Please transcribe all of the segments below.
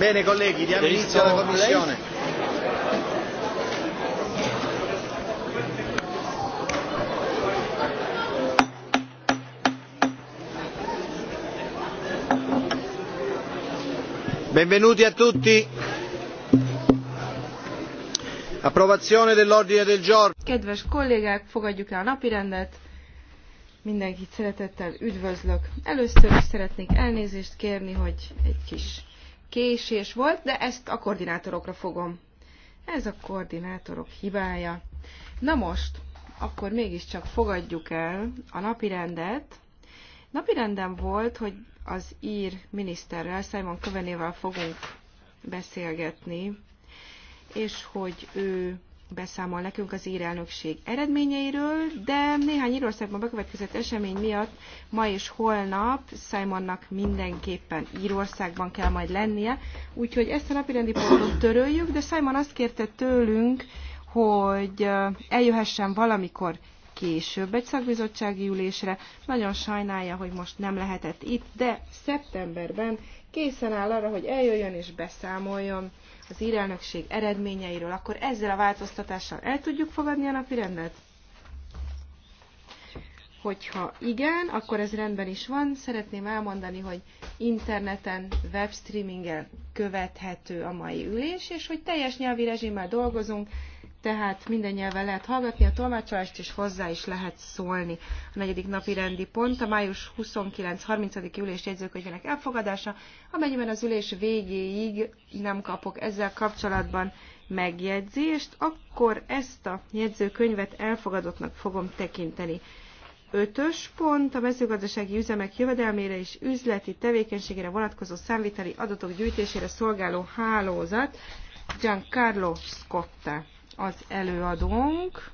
Bene colleghi, diamo inizio alla commissione. Benvenuti a tutti. Approvazione dell'ordine del giorno. Kedves kollégák, fogadjuk el a napirendet. Mindenkit szeretettel üdvözlök. Először is szeretnék elnézést kérni, hogy egy kis késés volt, de ezt a koordinátorokra fogom. Ez a koordinátorok hibája. Na most, akkor mégiscsak fogadjuk el a napirendet. Napirenden volt, hogy az ír miniszterrel, Simon Kövenével fogunk beszélgetni, és hogy ő beszámol nekünk az írelnökség eredményeiről, de néhány Írországban bekövetkezett esemény miatt ma és holnap Simonnak mindenképpen Írországban kell majd lennie, úgyhogy ezt a napirendi pontot töröljük, de Simon azt kérte tőlünk, hogy eljöhessen valamikor később egy szakbizottsági ülésre. Nagyon sajnálja, hogy most nem lehetett itt, de szeptemberben készen áll arra, hogy eljöjjön és beszámoljon az írelnökség eredményeiről, akkor ezzel a változtatással el tudjuk fogadni a napi rendet? Hogyha igen, akkor ez rendben is van. Szeretném elmondani, hogy interneten, webstreamingen követhető a mai ülés, és hogy teljes nyelvi rezsimmel dolgozunk, tehát minden nyelven lehet hallgatni a tolmácsolást, és hozzá is lehet szólni. A negyedik napi rendi pont a május 29-30. ülés jegyzőkönyvének elfogadása, amennyiben az ülés végéig nem kapok ezzel kapcsolatban megjegyzést, akkor ezt a jegyzőkönyvet elfogadottnak fogom tekinteni. Ötös pont a mezőgazdasági üzemek jövedelmére és üzleti tevékenységére vonatkozó számviteli adatok gyűjtésére szolgáló hálózat Giancarlo Scotta az előadónk.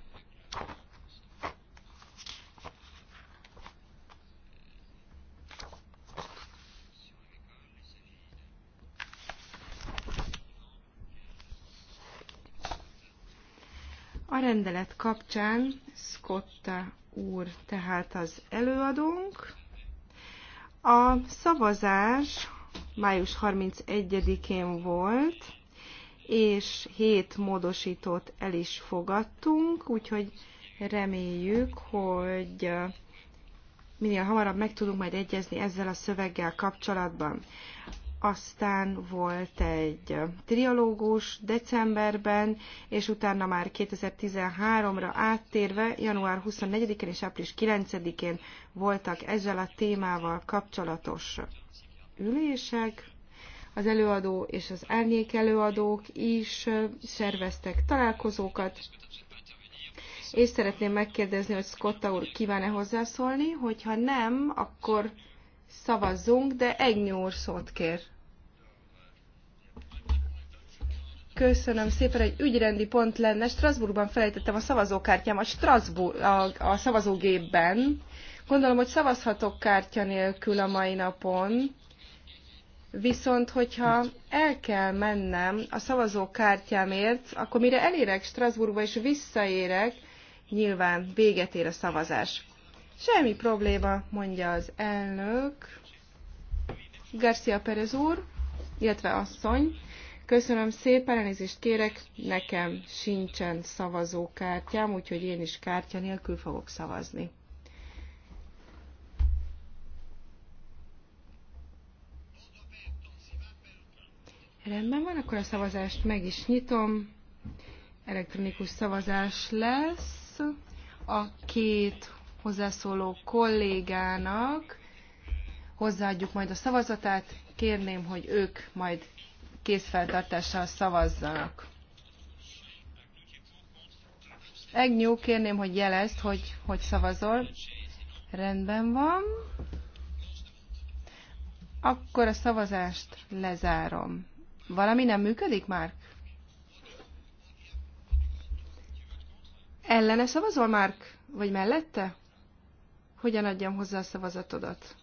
A rendelet kapcsán Scotta úr tehát az előadónk. A szavazás május 31-én volt, és hét módosítót el is fogadtunk, úgyhogy reméljük, hogy minél hamarabb meg tudunk majd egyezni ezzel a szöveggel kapcsolatban. Aztán volt egy trialógus decemberben, és utána már 2013-ra áttérve, január 24-én és április 9-én voltak ezzel a témával kapcsolatos ülések. Az előadó és az árnyék előadók is szerveztek találkozókat, és szeretném megkérdezni, hogy Scotta úr kíván-e hozzászólni, hogyha nem, akkor szavazzunk, de egy úr szót kér. Köszönöm szépen, egy ügyrendi pont lenne. Strasbourgban felejtettem a szavazókártyám a, Strasbourg, a, a szavazógépben. Gondolom, hogy szavazhatok kártya nélkül a mai napon. Viszont, hogyha el kell mennem a szavazókártyámért, akkor mire elérek Strasbourgba és visszaérek, nyilván véget ér a szavazás. Semmi probléma, mondja az elnök. Garcia Perez úr, illetve asszony, köszönöm szépen, elnézést kérek, nekem sincsen szavazókártyám, úgyhogy én is kártya nélkül fogok szavazni. Rendben van, akkor a szavazást meg is nyitom. Elektronikus szavazás lesz. A két hozzászóló kollégának hozzáadjuk majd a szavazatát. Kérném, hogy ők majd készfeltartással szavazzanak. Egnyú, kérném, hogy jelezd, hogy hogy szavazol. Rendben van. Akkor a szavazást lezárom valami nem működik már? Ellene szavazol, Márk? Vagy mellette? Hogyan adjam hozzá a szavazatodat?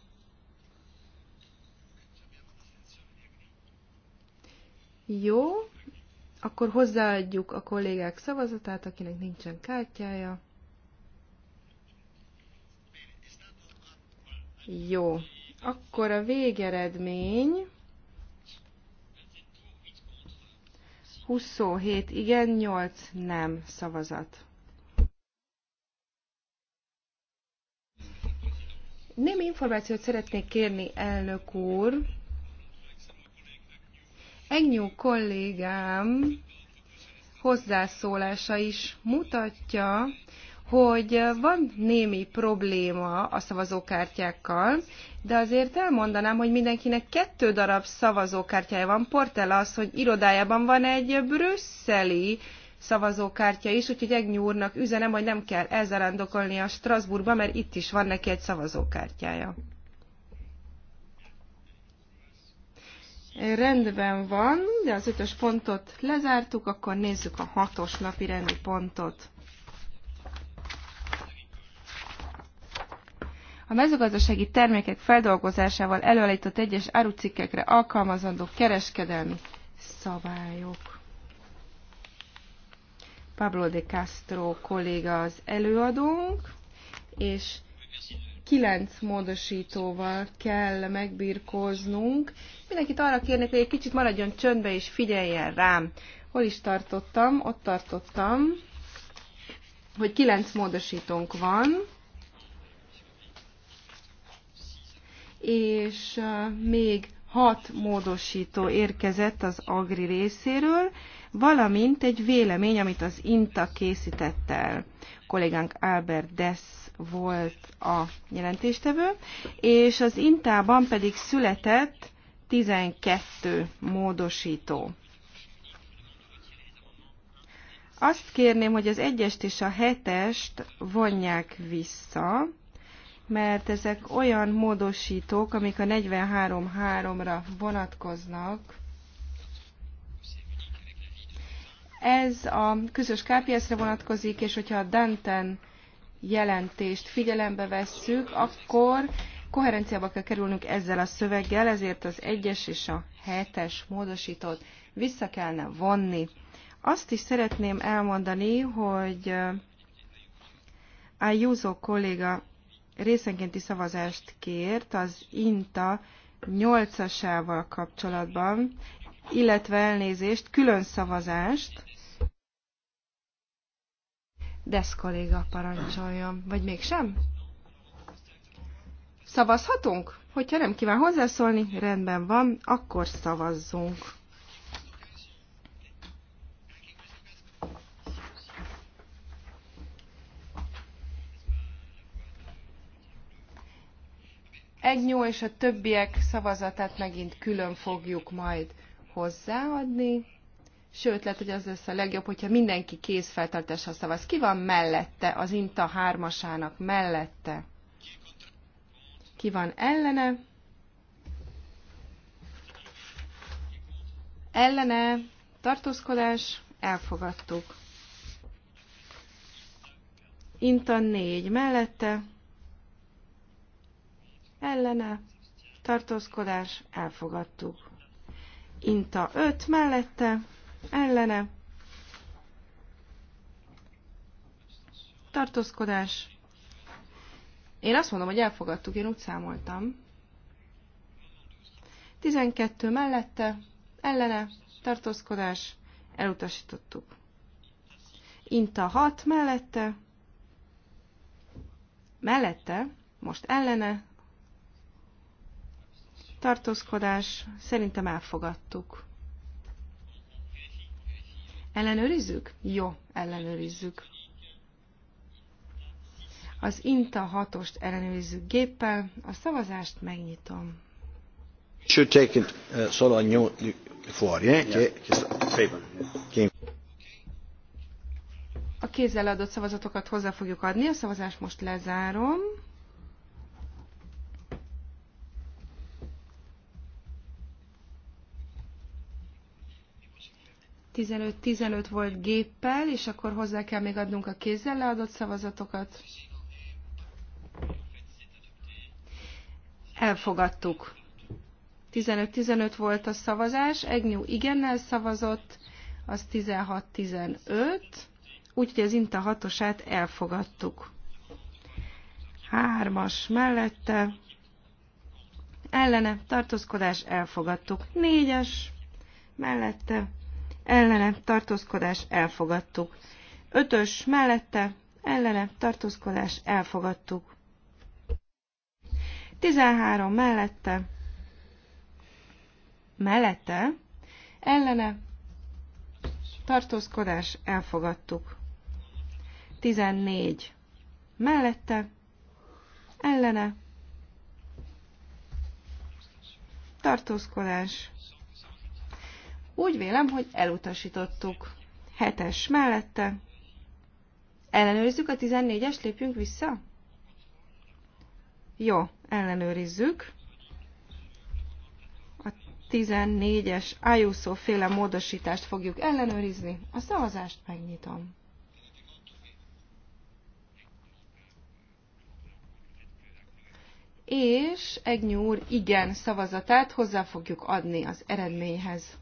Jó, akkor hozzáadjuk a kollégák szavazatát, akinek nincsen kártyája. Jó, akkor a végeredmény 27 igen, 8 nem szavazat. Némi információt szeretnék kérni, elnök úr. Ennyi kollégám hozzászólása is mutatja, hogy van némi probléma a szavazókártyákkal, de azért elmondanám, hogy mindenkinek kettő darab szavazókártyája van. Portel az, hogy irodájában van egy brüsszeli szavazókártya is, úgyhogy Egnyúrnak üzenem, hogy nem kell elzarándokolni a Strasbourgba, mert itt is van neki egy szavazókártyája. Rendben van, de az ötös pontot lezártuk, akkor nézzük a hatos napi rendi pontot. A mezőgazdasági termékek feldolgozásával előállított egyes árucikkekre alkalmazandó kereskedelmi szabályok. Pablo de Castro kolléga az előadónk, és kilenc módosítóval kell megbirkóznunk. Mindenkit arra kérnek, hogy egy kicsit maradjon csöndbe és figyeljen rám. Hol is tartottam? Ott tartottam, hogy kilenc módosítónk van. és még hat módosító érkezett az Agri részéről, valamint egy vélemény, amit az INTA készített el. Kollégánk Albert Dess volt a jelentéstevő, és az INTA-ban pedig született 12 módosító. Azt kérném, hogy az egyest és a hetest vonják vissza, mert ezek olyan módosítók, amik a 43.3-ra vonatkoznak. Ez a közös KPS-re vonatkozik, és hogyha a Danten jelentést figyelembe vesszük, akkor koherenciába kell kerülnünk ezzel a szöveggel, ezért az 1-es és a 7-es módosítót vissza kellene vonni. Azt is szeretném elmondani, hogy Ayuso kolléga részenkénti szavazást kért az INTA 8-asával kapcsolatban, illetve elnézést, külön szavazást. Desz kolléga parancsoljon, vagy mégsem? Szavazhatunk? Hogyha nem kíván hozzászólni, rendben van, akkor szavazzunk. Egnyó és a többiek szavazatát megint külön fogjuk majd hozzáadni. Sőt, lehet, hogy az lesz a legjobb, hogyha mindenki kézfeltartással szavaz. Ki van mellette, az INTA hármasának mellette? Ki van ellene? Ellene tartózkodás, elfogadtuk. Inta négy mellette, ellene, tartózkodás, elfogadtuk. Inta 5 mellette, ellene, tartózkodás. Én azt mondom, hogy elfogadtuk, én úgy számoltam. 12 mellette, ellene, tartózkodás, elutasítottuk. Inta 6 mellette, mellette, most ellene, tartózkodás, szerintem elfogadtuk. Ellenőrizzük? Jó, ellenőrizzük. Az INTA 6-ost ellenőrizzük géppel, a szavazást megnyitom. Should take it uh, solo a new for, yeah? yeah. Okay. A kézzel adott szavazatokat hozzá fogjuk adni, a szavazást most lezárom. 15-15 volt géppel, és akkor hozzá kell még adnunk a kézzel leadott szavazatokat. Elfogadtuk. 15-15 volt a szavazás, Egnyú igennel szavazott, az 16-15, úgyhogy az Inta hatosát elfogadtuk. Hármas mellette, ellene, tartózkodás, elfogadtuk. Négyes mellette, ellene tartózkodás elfogadtuk. Ötös mellette ellene tartózkodás elfogadtuk. 13 mellette mellette ellene tartózkodás elfogadtuk. 14 mellette ellene tartózkodás úgy vélem, hogy elutasítottuk. Hetes mellette. Ellenőrizzük a 14-es, lépjünk vissza? Jó, ellenőrizzük. A 14-es Ayuso féle módosítást fogjuk ellenőrizni. A szavazást megnyitom. És egy nyúr igen szavazatát hozzá fogjuk adni az eredményhez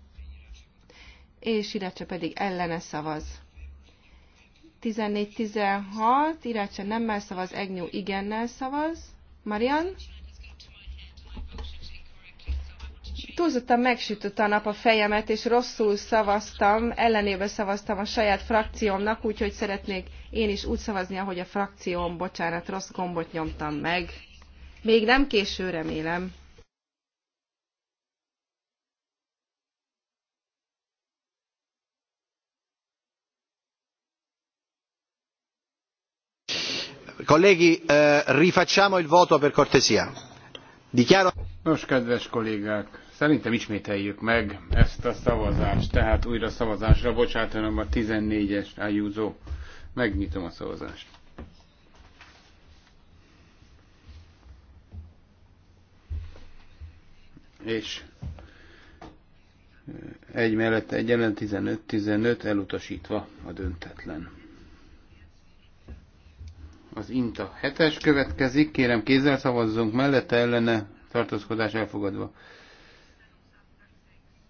és Irácsa pedig ellene szavaz. 14-16, nem nemmel szavaz, Egnyú igennel szavaz. Marian? túlzottan megsütött a nap a fejemet, és rosszul szavaztam, ellenébe szavaztam a saját frakciómnak, úgyhogy szeretnék én is úgy szavazni, ahogy a frakcióm, bocsánat, rossz gombot nyomtam meg. Még nem késő, remélem. Colleghi, eh, rifacciamo il voto per cortesia. Nos, kedves kollégák, szerintem ismételjük meg ezt a szavazást, tehát újra szavazásra bocsátanom a 14-es Ayuso. Megnyitom a szavazást. És eh, egy mellett egy ellen 15-15 elutasítva a döntetlen. Az INTA hetes következik, kérem kézzel szavazzunk, mellette ellene tartózkodás elfogadva.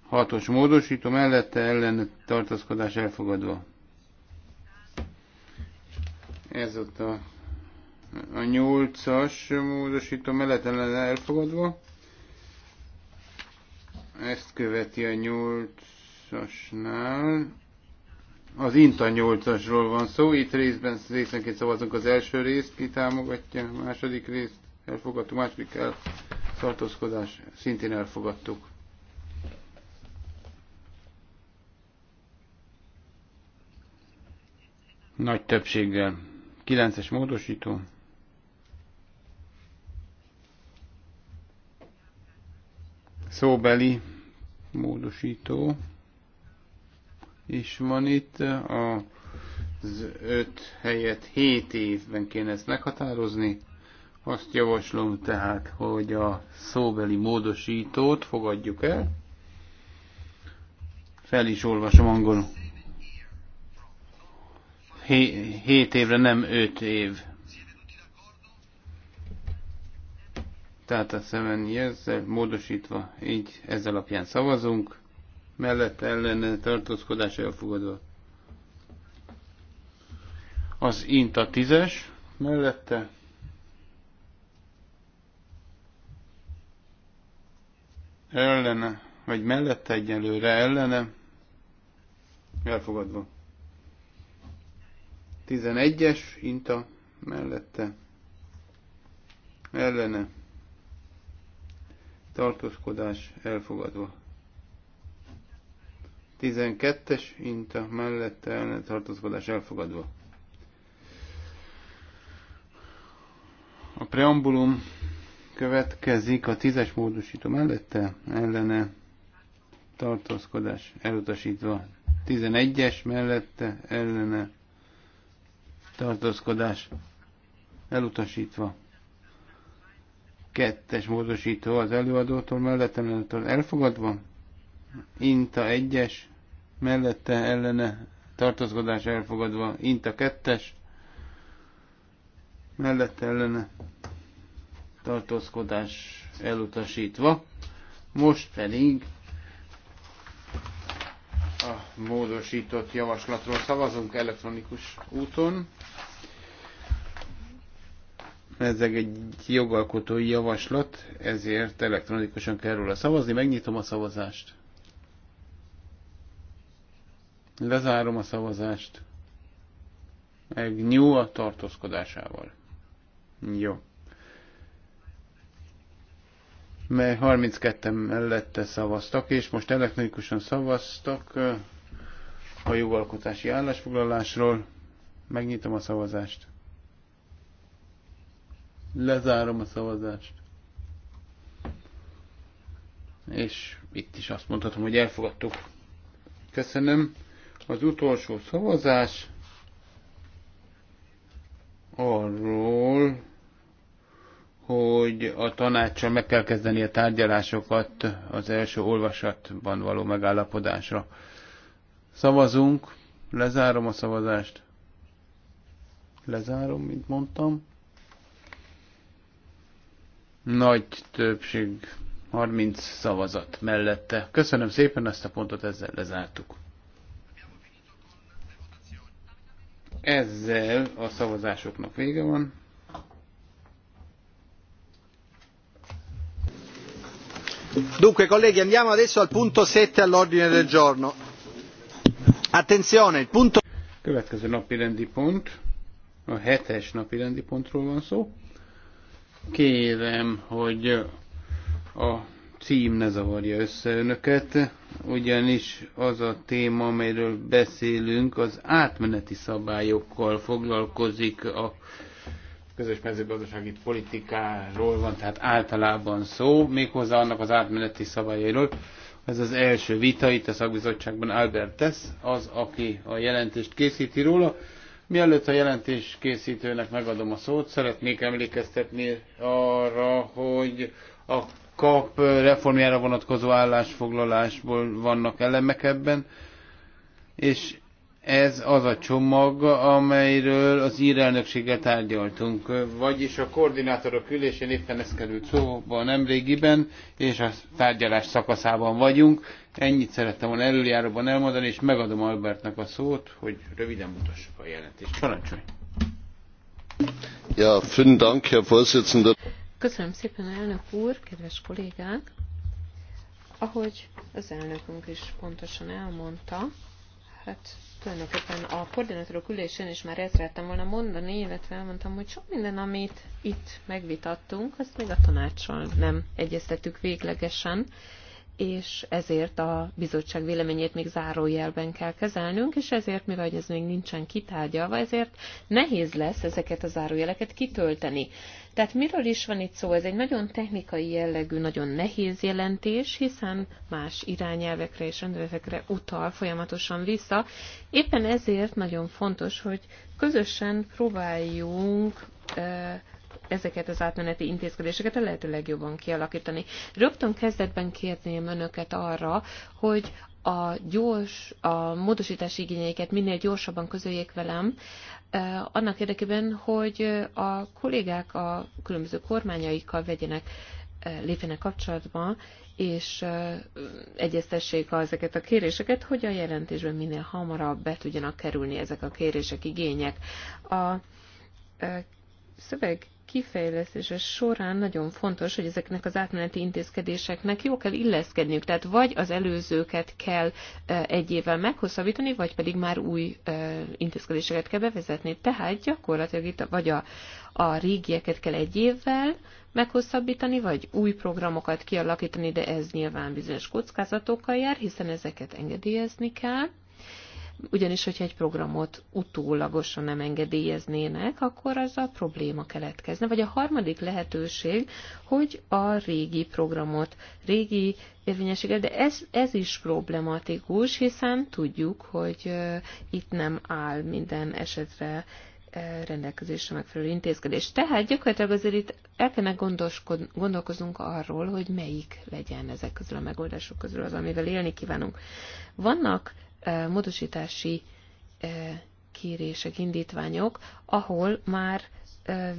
Hatos os módosító, mellette ellene tartózkodás elfogadva. Ez ott a, a nyolcas módosító, mellette ellene elfogadva. Ezt követi a nyolcasnál az INTA 8-asról van szó, itt részben részenként szavazunk az első részt, ki támogatja, a második részt elfogadtuk, második el tartózkodás, szintén elfogadtuk. Nagy többséggel. 9-es módosító. Szóbeli módosító is van itt. az 5 helyett 7 évben kéne ezt meghatározni. Azt javaslom tehát, hogy a szóbeli módosítót fogadjuk el. Fel is olvasom angolul. 7 évre, nem 5 év. Tehát a 7 years módosítva, így ezzel alapján szavazunk mellett ellene tartózkodás elfogadva. Az INTA a tízes mellette ellene, vagy mellette egyelőre ellene elfogadva. 11-es INTA mellette ellene tartózkodás elfogadva. 12-es inta mellette ellene tartózkodás elfogadva. A preambulum következik a 10-es módosító mellette ellene tartózkodás elutasítva. 11-es mellette ellene tartózkodás elutasítva. Kettes módosító az előadótól mellettem elfogadva. Inta egyes mellette ellene tartozkodás elfogadva, Inta a es mellette ellene tartózkodás elutasítva. Most pedig a módosított javaslatról szavazunk elektronikus úton. Ez egy jogalkotói javaslat, ezért elektronikusan kell róla szavazni. Megnyitom a szavazást. Lezárom a szavazást. Egy nyú a tartózkodásával. Jó. Mely 32-en mellette szavaztak, és most elektronikusan szavaztak a jogalkotási állásfoglalásról. Megnyitom a szavazást. Lezárom a szavazást. És itt is azt mondhatom, hogy elfogadtuk. Köszönöm az utolsó szavazás arról, hogy a tanácssal meg kell kezdeni a tárgyalásokat az első olvasatban való megállapodásra. Szavazunk, lezárom a szavazást. Lezárom, mint mondtam. Nagy többség, 30 szavazat mellette. Köszönöm szépen, ezt a pontot ezzel lezártuk. Ezzel a szavazásoknak vége van. Dunque, colleghi, andiamo adesso al punto 7 all'ordine del giorno. Attenzione, il punto... Következő napi rendi pont, a hetes napi rendi pontról van szó. Kérem, hogy a cím ne zavarja össze önöket ugyanis az a téma, amelyről beszélünk, az átmeneti szabályokkal foglalkozik a közös mezőgazdasági politikáról van, tehát általában szó, méghozzá annak az átmeneti szabályairól. Ez az első vita itt a szakbizottságban Albert Tesz, az, aki a jelentést készíti róla. Mielőtt a jelentés készítőnek megadom a szót, szeretnék emlékeztetni arra, hogy a kap reformjára vonatkozó állásfoglalásból vannak elemek ebben, és ez az a csomag, amelyről az írelnökséggel tárgyaltunk. Vagyis a koordinátorok ülésén éppen ez került szóba nemrégiben, és a tárgyalás szakaszában vagyunk. Ennyit szerettem volna előjáróban elmondani, és megadom Albertnak a szót, hogy röviden mutassuk a jelentést. Parancsolj! Ja, vielen Dank, Herr Vorsitzender. Köszönöm szépen, elnök úr, kedves kollégák! Ahogy az elnökünk is pontosan elmondta, hát tulajdonképpen a koordinátorok ülésén is már ezt szerettem volna mondani, illetve elmondtam, hogy sok minden, amit itt megvitattunk, azt még a tanácson nem egyeztettük véglegesen, és ezért a bizottság véleményét még zárójelben kell kezelnünk, és ezért, mivel ez még nincsen kitárgyalva, ezért nehéz lesz ezeket a zárójeleket kitölteni. Tehát miről is van itt szó? Ez egy nagyon technikai jellegű, nagyon nehéz jelentés, hiszen más irányelvekre és rendeletekre utal folyamatosan vissza. Éppen ezért nagyon fontos, hogy közösen próbáljunk ezeket az átmeneti intézkedéseket a lehető legjobban kialakítani. Rögtön kezdetben kérném önöket arra, hogy a gyors, a módosítási igényeiket minél gyorsabban közöljék velem, annak érdekében, hogy a kollégák a különböző kormányaikkal vegyenek, lépjenek kapcsolatba, és egyeztessék ezeket a kéréseket, hogy a jelentésben minél hamarabb be tudjanak kerülni ezek a kérések, igények. A szöveg kifejlesztése során nagyon fontos, hogy ezeknek az átmeneti intézkedéseknek jó kell illeszkedniük, tehát vagy az előzőket kell e, egy évvel meghosszabbítani, vagy pedig már új e, intézkedéseket kell bevezetni. Tehát gyakorlatilag itt vagy a, a régieket kell egy évvel meghosszabbítani, vagy új programokat kialakítani, de ez nyilván bizonyos kockázatokkal jár, hiszen ezeket engedélyezni kell, ugyanis hogyha egy programot utólagosan nem engedélyeznének, akkor az a probléma keletkezne. Vagy a harmadik lehetőség, hogy a régi programot, régi érvényességet, de ez, ez is problematikus, hiszen tudjuk, hogy itt nem áll minden esetre rendelkezésre megfelelő intézkedés. Tehát gyakorlatilag azért itt el kellene gondolkozunk arról, hogy melyik legyen ezek közül a megoldások közül az, amivel élni kívánunk. Vannak módosítási kérések, indítványok, ahol már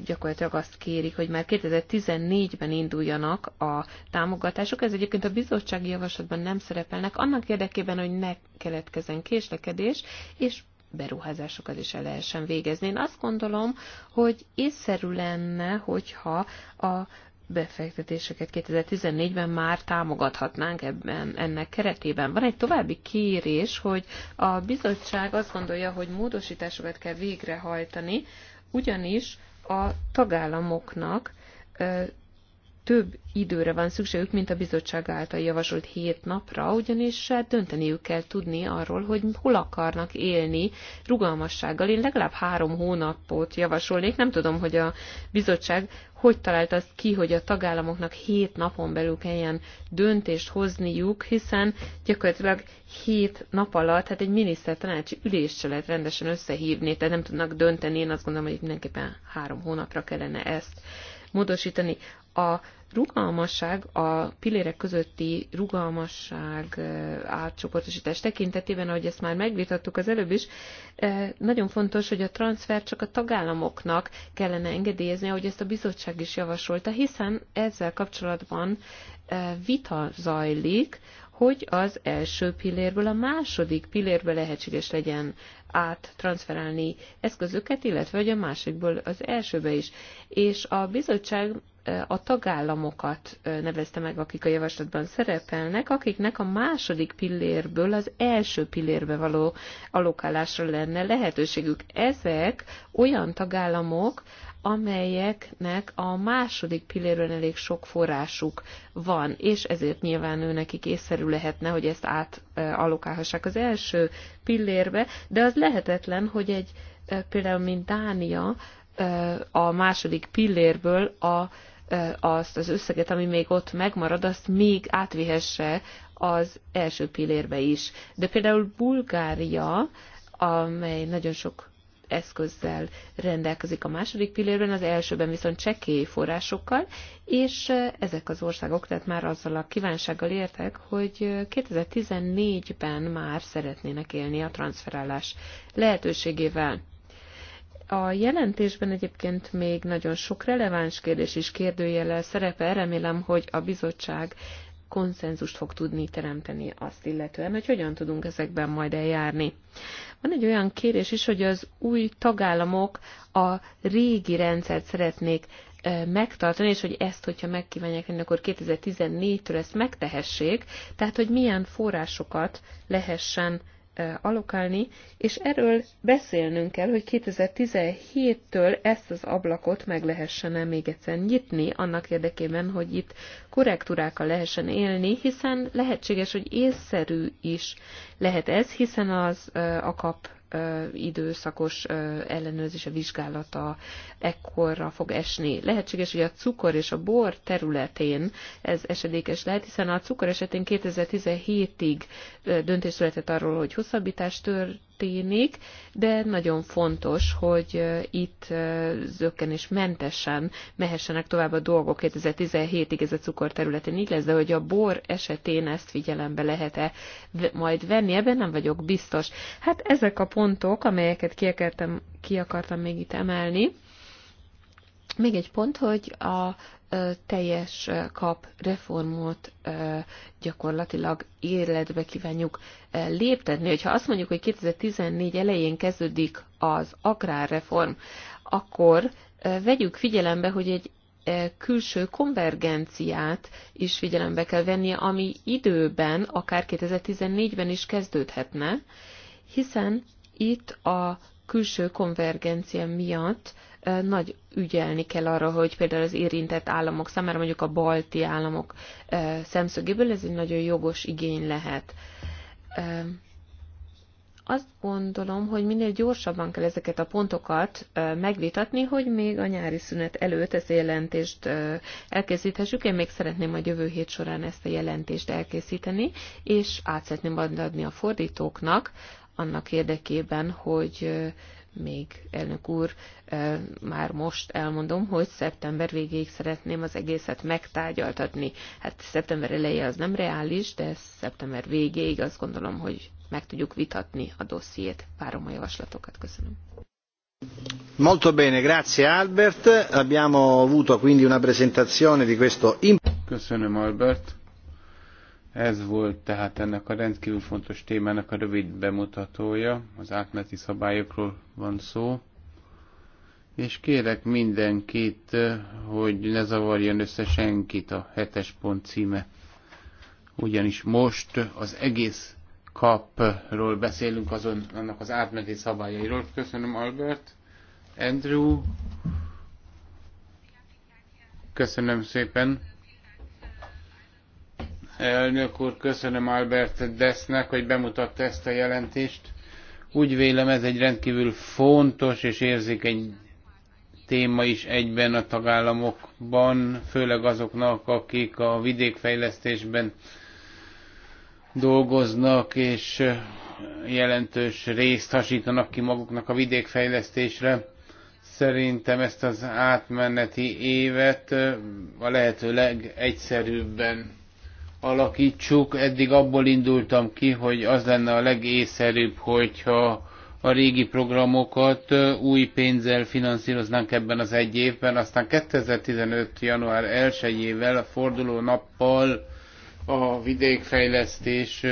gyakorlatilag azt kérik, hogy már 2014-ben induljanak a támogatások. Ez egyébként a bizottsági javaslatban nem szerepelnek, annak érdekében, hogy ne keletkezzen késlekedés, és beruházásokat is el lehessen végezni. Én azt gondolom, hogy észszerű lenne, hogyha a befektetéseket 2014-ben már támogathatnánk ebben, ennek keretében. Van egy további kérés, hogy a bizottság azt gondolja, hogy módosításokat kell végrehajtani, ugyanis a tagállamoknak több időre van szükségük, mint a bizottság által javasolt hét napra, ugyanis hát, dönteniük kell tudni arról, hogy hol akarnak élni rugalmassággal. Én legalább három hónapot javasolnék, nem tudom, hogy a bizottság hogy talált azt ki, hogy a tagállamoknak hét napon belül kelljen döntést hozniuk, hiszen gyakorlatilag hét nap alatt, hát egy minisztertanácsi ülést se lehet rendesen összehívni, tehát nem tudnak dönteni, én azt gondolom, hogy mindenképpen három hónapra kellene ezt módosítani. A rugalmasság, a pillérek közötti rugalmasság átcsoportosítás tekintetében, ahogy ezt már megvitattuk az előbb is, nagyon fontos, hogy a transfer csak a tagállamoknak kellene engedélyezni, ahogy ezt a bizottság is javasolta, hiszen ezzel kapcsolatban vita zajlik, hogy az első pillérből a második pillérbe lehetséges legyen áttranszferálni eszközöket, illetve hogy a másikból az elsőbe is. És a bizottság a tagállamokat nevezte meg, akik a javaslatban szerepelnek, akiknek a második pillérből az első pillérbe való alokálásra lenne lehetőségük. Ezek olyan tagállamok, amelyeknek a második pillérben elég sok forrásuk van, és ezért nyilván ő nekik észszerű lehetne, hogy ezt átalokálhassák az első pillérbe, de az lehetetlen, hogy egy például mint Dánia a második pillérből a, azt az összeget, ami még ott megmarad, azt még átvihesse az első pillérbe is. De például Bulgária, amely nagyon sok eszközzel rendelkezik a második pillérben, az elsőben viszont csekély forrásokkal, és ezek az országok, tehát már azzal a kívánsággal értek, hogy 2014-ben már szeretnének élni a transferálás lehetőségével. A jelentésben egyébként még nagyon sok releváns kérdés is kérdőjellel szerepel. Remélem, hogy a bizottság konszenzust fog tudni teremteni azt illetően, hogy hogyan tudunk ezekben majd eljárni. Van egy olyan kérés is, hogy az új tagállamok a régi rendszert szeretnék megtartani, és hogy ezt, hogyha megkívánják lenni, akkor 2014-től ezt megtehessék, tehát hogy milyen forrásokat lehessen alokálni, és erről beszélnünk kell, hogy 2017-től ezt az ablakot meg lehessen -e még egyszer nyitni, annak érdekében, hogy itt korrektúrákkal lehessen élni, hiszen lehetséges, hogy észszerű is lehet ez, hiszen az a kap időszakos ellenőrzése, vizsgálata ekkorra fog esni. Lehetséges, hogy a cukor és a bor területén ez esedékes lehet, hiszen a cukor esetén 2017-ig döntés született arról, hogy hosszabbítás történik, de nagyon fontos, hogy itt és mentesen, mehessenek tovább a dolgok 2017-ig ez a cukorterületén így lesz, de hogy a bor esetén ezt figyelembe lehet-e majd venni, ebben nem vagyok biztos. Hát ezek a pontok, amelyeket ki akartam, ki akartam még itt emelni. Még egy pont, hogy a teljes kap reformot gyakorlatilag életbe kívánjuk léptetni. Hogyha azt mondjuk, hogy 2014 elején kezdődik az agrárreform, akkor vegyük figyelembe, hogy egy külső konvergenciát is figyelembe kell vennie, ami időben, akár 2014-ben is kezdődhetne, hiszen itt a külső konvergencia miatt nagy ügyelni kell arra, hogy például az érintett államok számára, mondjuk a balti államok szemszögéből ez egy nagyon jogos igény lehet. Azt gondolom, hogy minél gyorsabban kell ezeket a pontokat megvitatni, hogy még a nyári szünet előtt ezt a jelentést elkészíthessük. Én még szeretném a jövő hét során ezt a jelentést elkészíteni, és át szeretném adni a fordítóknak annak érdekében, hogy még, elnök úr, e, már most elmondom, hogy szeptember végéig szeretném az egészet megtárgyaltatni. Hát szeptember eleje az nem reális, de szeptember végéig azt gondolom, hogy meg tudjuk vitatni a dossziét. Várom a javaslatokat. Köszönöm. Molto bene, grazie Albert. Abbiamo avuto quindi una presentazione di questo. Köszönöm Albert ez volt tehát ennek a rendkívül fontos témának a rövid bemutatója, az átmeneti szabályokról van szó. És kérek mindenkit, hogy ne zavarjon össze senkit a hetes pont címe. Ugyanis most az egész kapról beszélünk, azon, annak az átmeneti szabályairól. Köszönöm Albert, Andrew, köszönöm szépen Elnök úr, köszönöm Albert Dessnek, hogy bemutatta ezt a jelentést. Úgy vélem, ez egy rendkívül fontos és érzékeny téma is egyben a tagállamokban, főleg azoknak, akik a vidékfejlesztésben dolgoznak, és jelentős részt hasítanak ki maguknak a vidékfejlesztésre. Szerintem ezt az átmeneti évet a lehető legegyszerűbben alakítsuk. Eddig abból indultam ki, hogy az lenne a legészszerűbb, hogyha a régi programokat új pénzzel finanszíroznánk ebben az egy évben, aztán 2015. január 1-ével a forduló nappal a vidékfejlesztés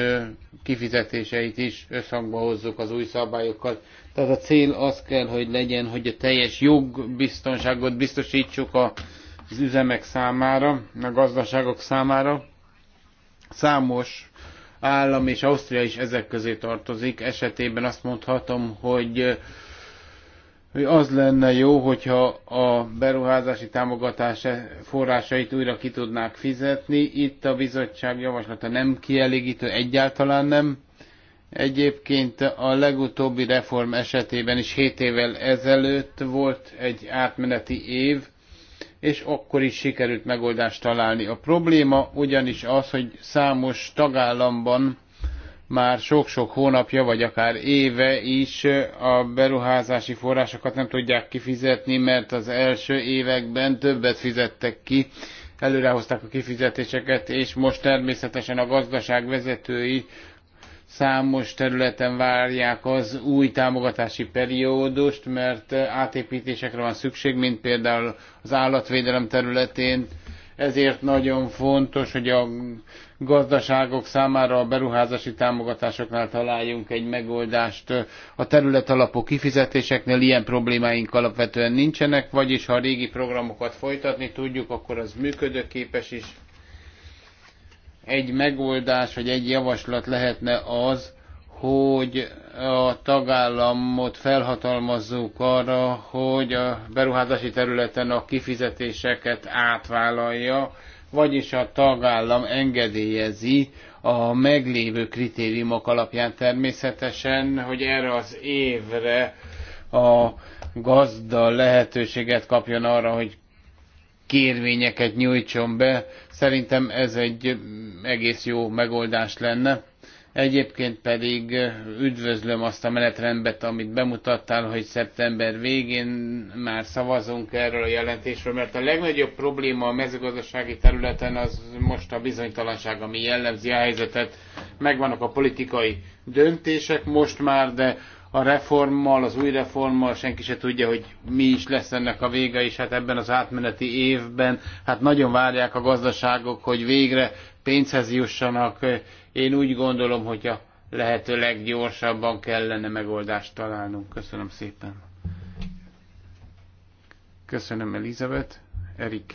kifizetéseit is összhangba hozzuk az új szabályokkal. Tehát a cél az kell, hogy legyen, hogy a teljes jogbiztonságot biztosítsuk az üzemek számára, a gazdaságok számára, Számos állam és Ausztria is ezek közé tartozik. Esetében azt mondhatom, hogy az lenne jó, hogyha a beruházási támogatás forrásait újra ki tudnák fizetni. Itt a bizottság javaslata nem kielégítő, egyáltalán nem. Egyébként a legutóbbi reform esetében is 7 évvel ezelőtt volt egy átmeneti év, és akkor is sikerült megoldást találni. A probléma ugyanis az, hogy számos tagállamban már sok-sok hónapja, vagy akár éve is a beruházási forrásokat nem tudják kifizetni, mert az első években többet fizettek ki, előrehozták a kifizetéseket, és most természetesen a gazdaság vezetői Számos területen várják az új támogatási periódust, mert átépítésekre van szükség, mint például az állatvédelem területén. Ezért nagyon fontos, hogy a gazdaságok számára a beruházási támogatásoknál találjunk egy megoldást. A területalapú kifizetéseknél ilyen problémáink alapvetően nincsenek, vagyis ha a régi programokat folytatni tudjuk, akkor az működőképes is egy megoldás, vagy egy javaslat lehetne az, hogy a tagállamot felhatalmazzuk arra, hogy a beruházási területen a kifizetéseket átvállalja, vagyis a tagállam engedélyezi a meglévő kritériumok alapján természetesen, hogy erre az évre a gazda lehetőséget kapjon arra, hogy kérvényeket nyújtson be, Szerintem ez egy egész jó megoldás lenne. Egyébként pedig üdvözlöm azt a menetrendet, amit bemutattál, hogy szeptember végén már szavazunk erről a jelentésről, mert a legnagyobb probléma a mezőgazdasági területen az most a bizonytalanság, ami jellemzi a helyzetet. Megvannak a politikai döntések most már, de a reformmal, az új reformmal, senki se tudja, hogy mi is lesz ennek a vége, és hát ebben az átmeneti évben, hát nagyon várják a gazdaságok, hogy végre pénzhez jussanak. Én úgy gondolom, hogy a lehető leggyorsabban kellene megoldást találnunk. Köszönöm szépen. Köszönöm Elizabeth. Erik,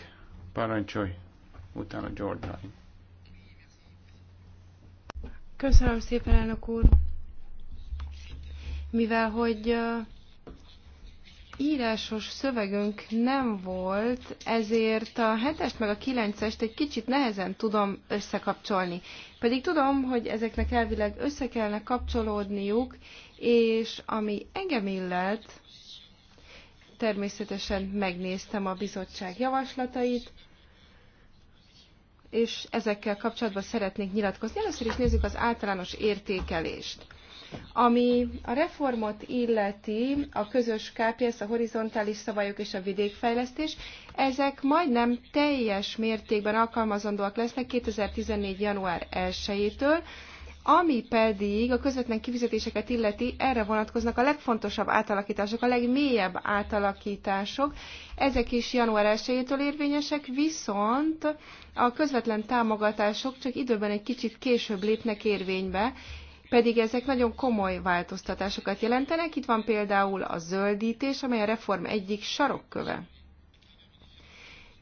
parancsolj. Utána Jordan. Köszönöm szépen, elnök úr mivel hogy írásos szövegünk nem volt, ezért a hetest meg a kilencest egy kicsit nehezen tudom összekapcsolni. Pedig tudom, hogy ezeknek elvileg össze kellene kapcsolódniuk, és ami engem illet, természetesen megnéztem a bizottság javaslatait, és ezekkel kapcsolatban szeretnék nyilatkozni. Először is nézzük az általános értékelést. Ami a reformot illeti, a közös KPS, a horizontális szabályok és a vidékfejlesztés, ezek majdnem teljes mértékben alkalmazandóak lesznek 2014. január 1-től, ami pedig a közvetlen kifizetéseket illeti, erre vonatkoznak a legfontosabb átalakítások, a legmélyebb átalakítások. Ezek is január 1-től érvényesek, viszont a közvetlen támogatások csak időben egy kicsit később lépnek érvénybe, pedig ezek nagyon komoly változtatásokat jelentenek. Itt van például a zöldítés, amely a reform egyik sarokköve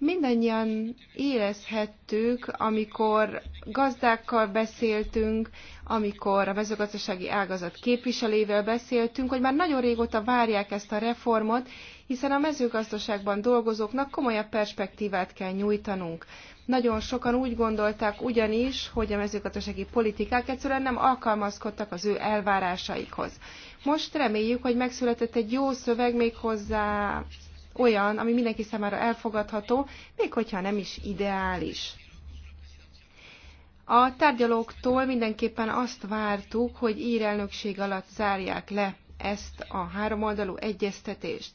mindannyian érezhettük, amikor gazdákkal beszéltünk, amikor a mezőgazdasági ágazat képviselével beszéltünk, hogy már nagyon régóta várják ezt a reformot, hiszen a mezőgazdaságban dolgozóknak komolyabb perspektívát kell nyújtanunk. Nagyon sokan úgy gondolták ugyanis, hogy a mezőgazdasági politikák egyszerűen nem alkalmazkodtak az ő elvárásaikhoz. Most reméljük, hogy megszületett egy jó szöveg méghozzá olyan, ami mindenki számára elfogadható, még hogyha nem is ideális. A tárgyalóktól mindenképpen azt vártuk, hogy ír elnökség alatt zárják le ezt a háromoldalú egyeztetést.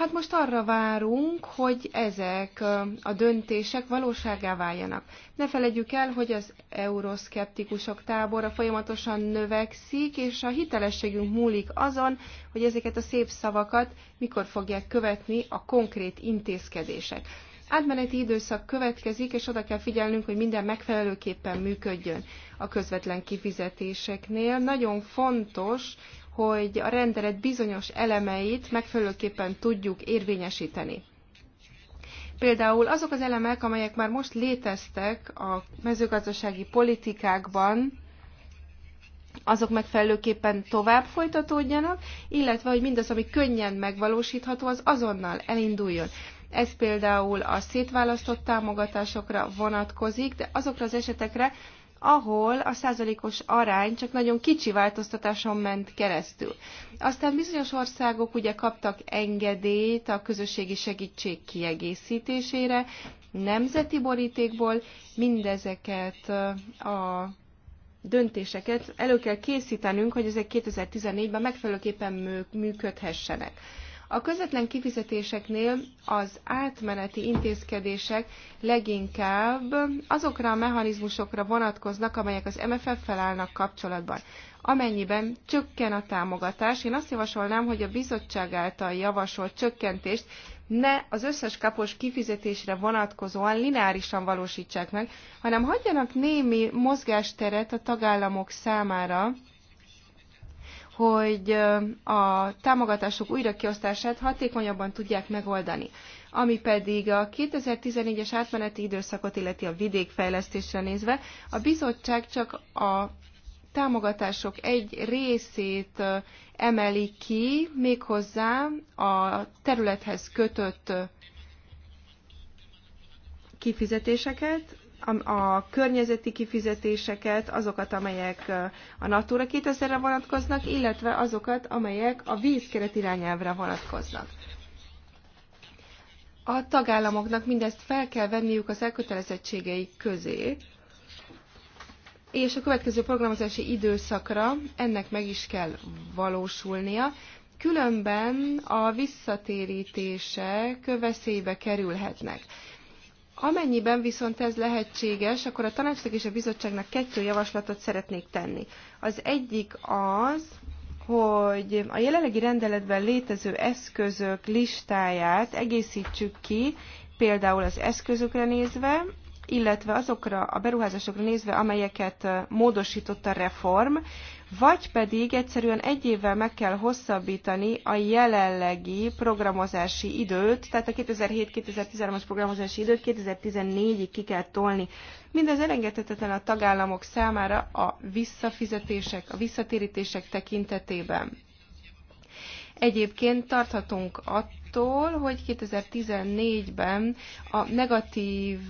Hát most arra várunk, hogy ezek a döntések valóságá váljanak. Ne felejtjük el, hogy az euroszkeptikusok tábora folyamatosan növekszik, és a hitelességünk múlik azon, hogy ezeket a szép szavakat mikor fogják követni a konkrét intézkedések. Átmeneti időszak következik, és oda kell figyelnünk, hogy minden megfelelőképpen működjön a közvetlen kifizetéseknél. Nagyon fontos, hogy a rendelet bizonyos elemeit megfelelőképpen tudjuk érvényesíteni. Például azok az elemek, amelyek már most léteztek a mezőgazdasági politikákban, azok megfelelőképpen tovább folytatódjanak, illetve hogy mindaz, ami könnyen megvalósítható, az azonnal elinduljon. Ez például a szétválasztott támogatásokra vonatkozik, de azokra az esetekre, ahol a százalékos arány csak nagyon kicsi változtatáson ment keresztül. Aztán bizonyos országok ugye kaptak engedélyt a közösségi segítség kiegészítésére, nemzeti borítékból mindezeket a döntéseket elő kell készítenünk, hogy ezek 2014-ben megfelelőképpen működhessenek. A közvetlen kifizetéseknél az átmeneti intézkedések leginkább azokra a mechanizmusokra vonatkoznak, amelyek az mff felállnak kapcsolatban. Amennyiben csökken a támogatás, én azt javasolnám, hogy a bizottság által javasolt csökkentést ne az összes kapos kifizetésre vonatkozóan lineárisan valósítsák meg, hanem hagyjanak némi mozgásteret a tagállamok számára, hogy a támogatások újrakiosztását hatékonyabban tudják megoldani. Ami pedig a 2014-es átmeneti időszakot illeti a vidékfejlesztésre nézve, a bizottság csak a támogatások egy részét emeli ki, méghozzá a területhez kötött kifizetéseket, a környezeti kifizetéseket, azokat, amelyek a Natura 2000-re vonatkoznak, illetve azokat, amelyek a vízkeret irányelvre vonatkoznak. A tagállamoknak mindezt fel kell venniük az elkötelezettségeik közé, és a következő programozási időszakra ennek meg is kell valósulnia, különben a visszatérítések veszélybe kerülhetnek. Amennyiben viszont ez lehetséges, akkor a tanácsnak és a bizottságnak kettő javaslatot szeretnék tenni. Az egyik az, hogy a jelenlegi rendeletben létező eszközök listáját egészítsük ki, például az eszközökre nézve, illetve azokra a beruházásokra nézve, amelyeket módosított a reform, vagy pedig egyszerűen egy évvel meg kell hosszabbítani a jelenlegi programozási időt, tehát a 2007-2013-as programozási időt 2014-ig ki kell tolni. Mindez elengedhetetlen a tagállamok számára a visszafizetések, a visszatérítések tekintetében. Egyébként tarthatunk attól, hogy 2014-ben a negatív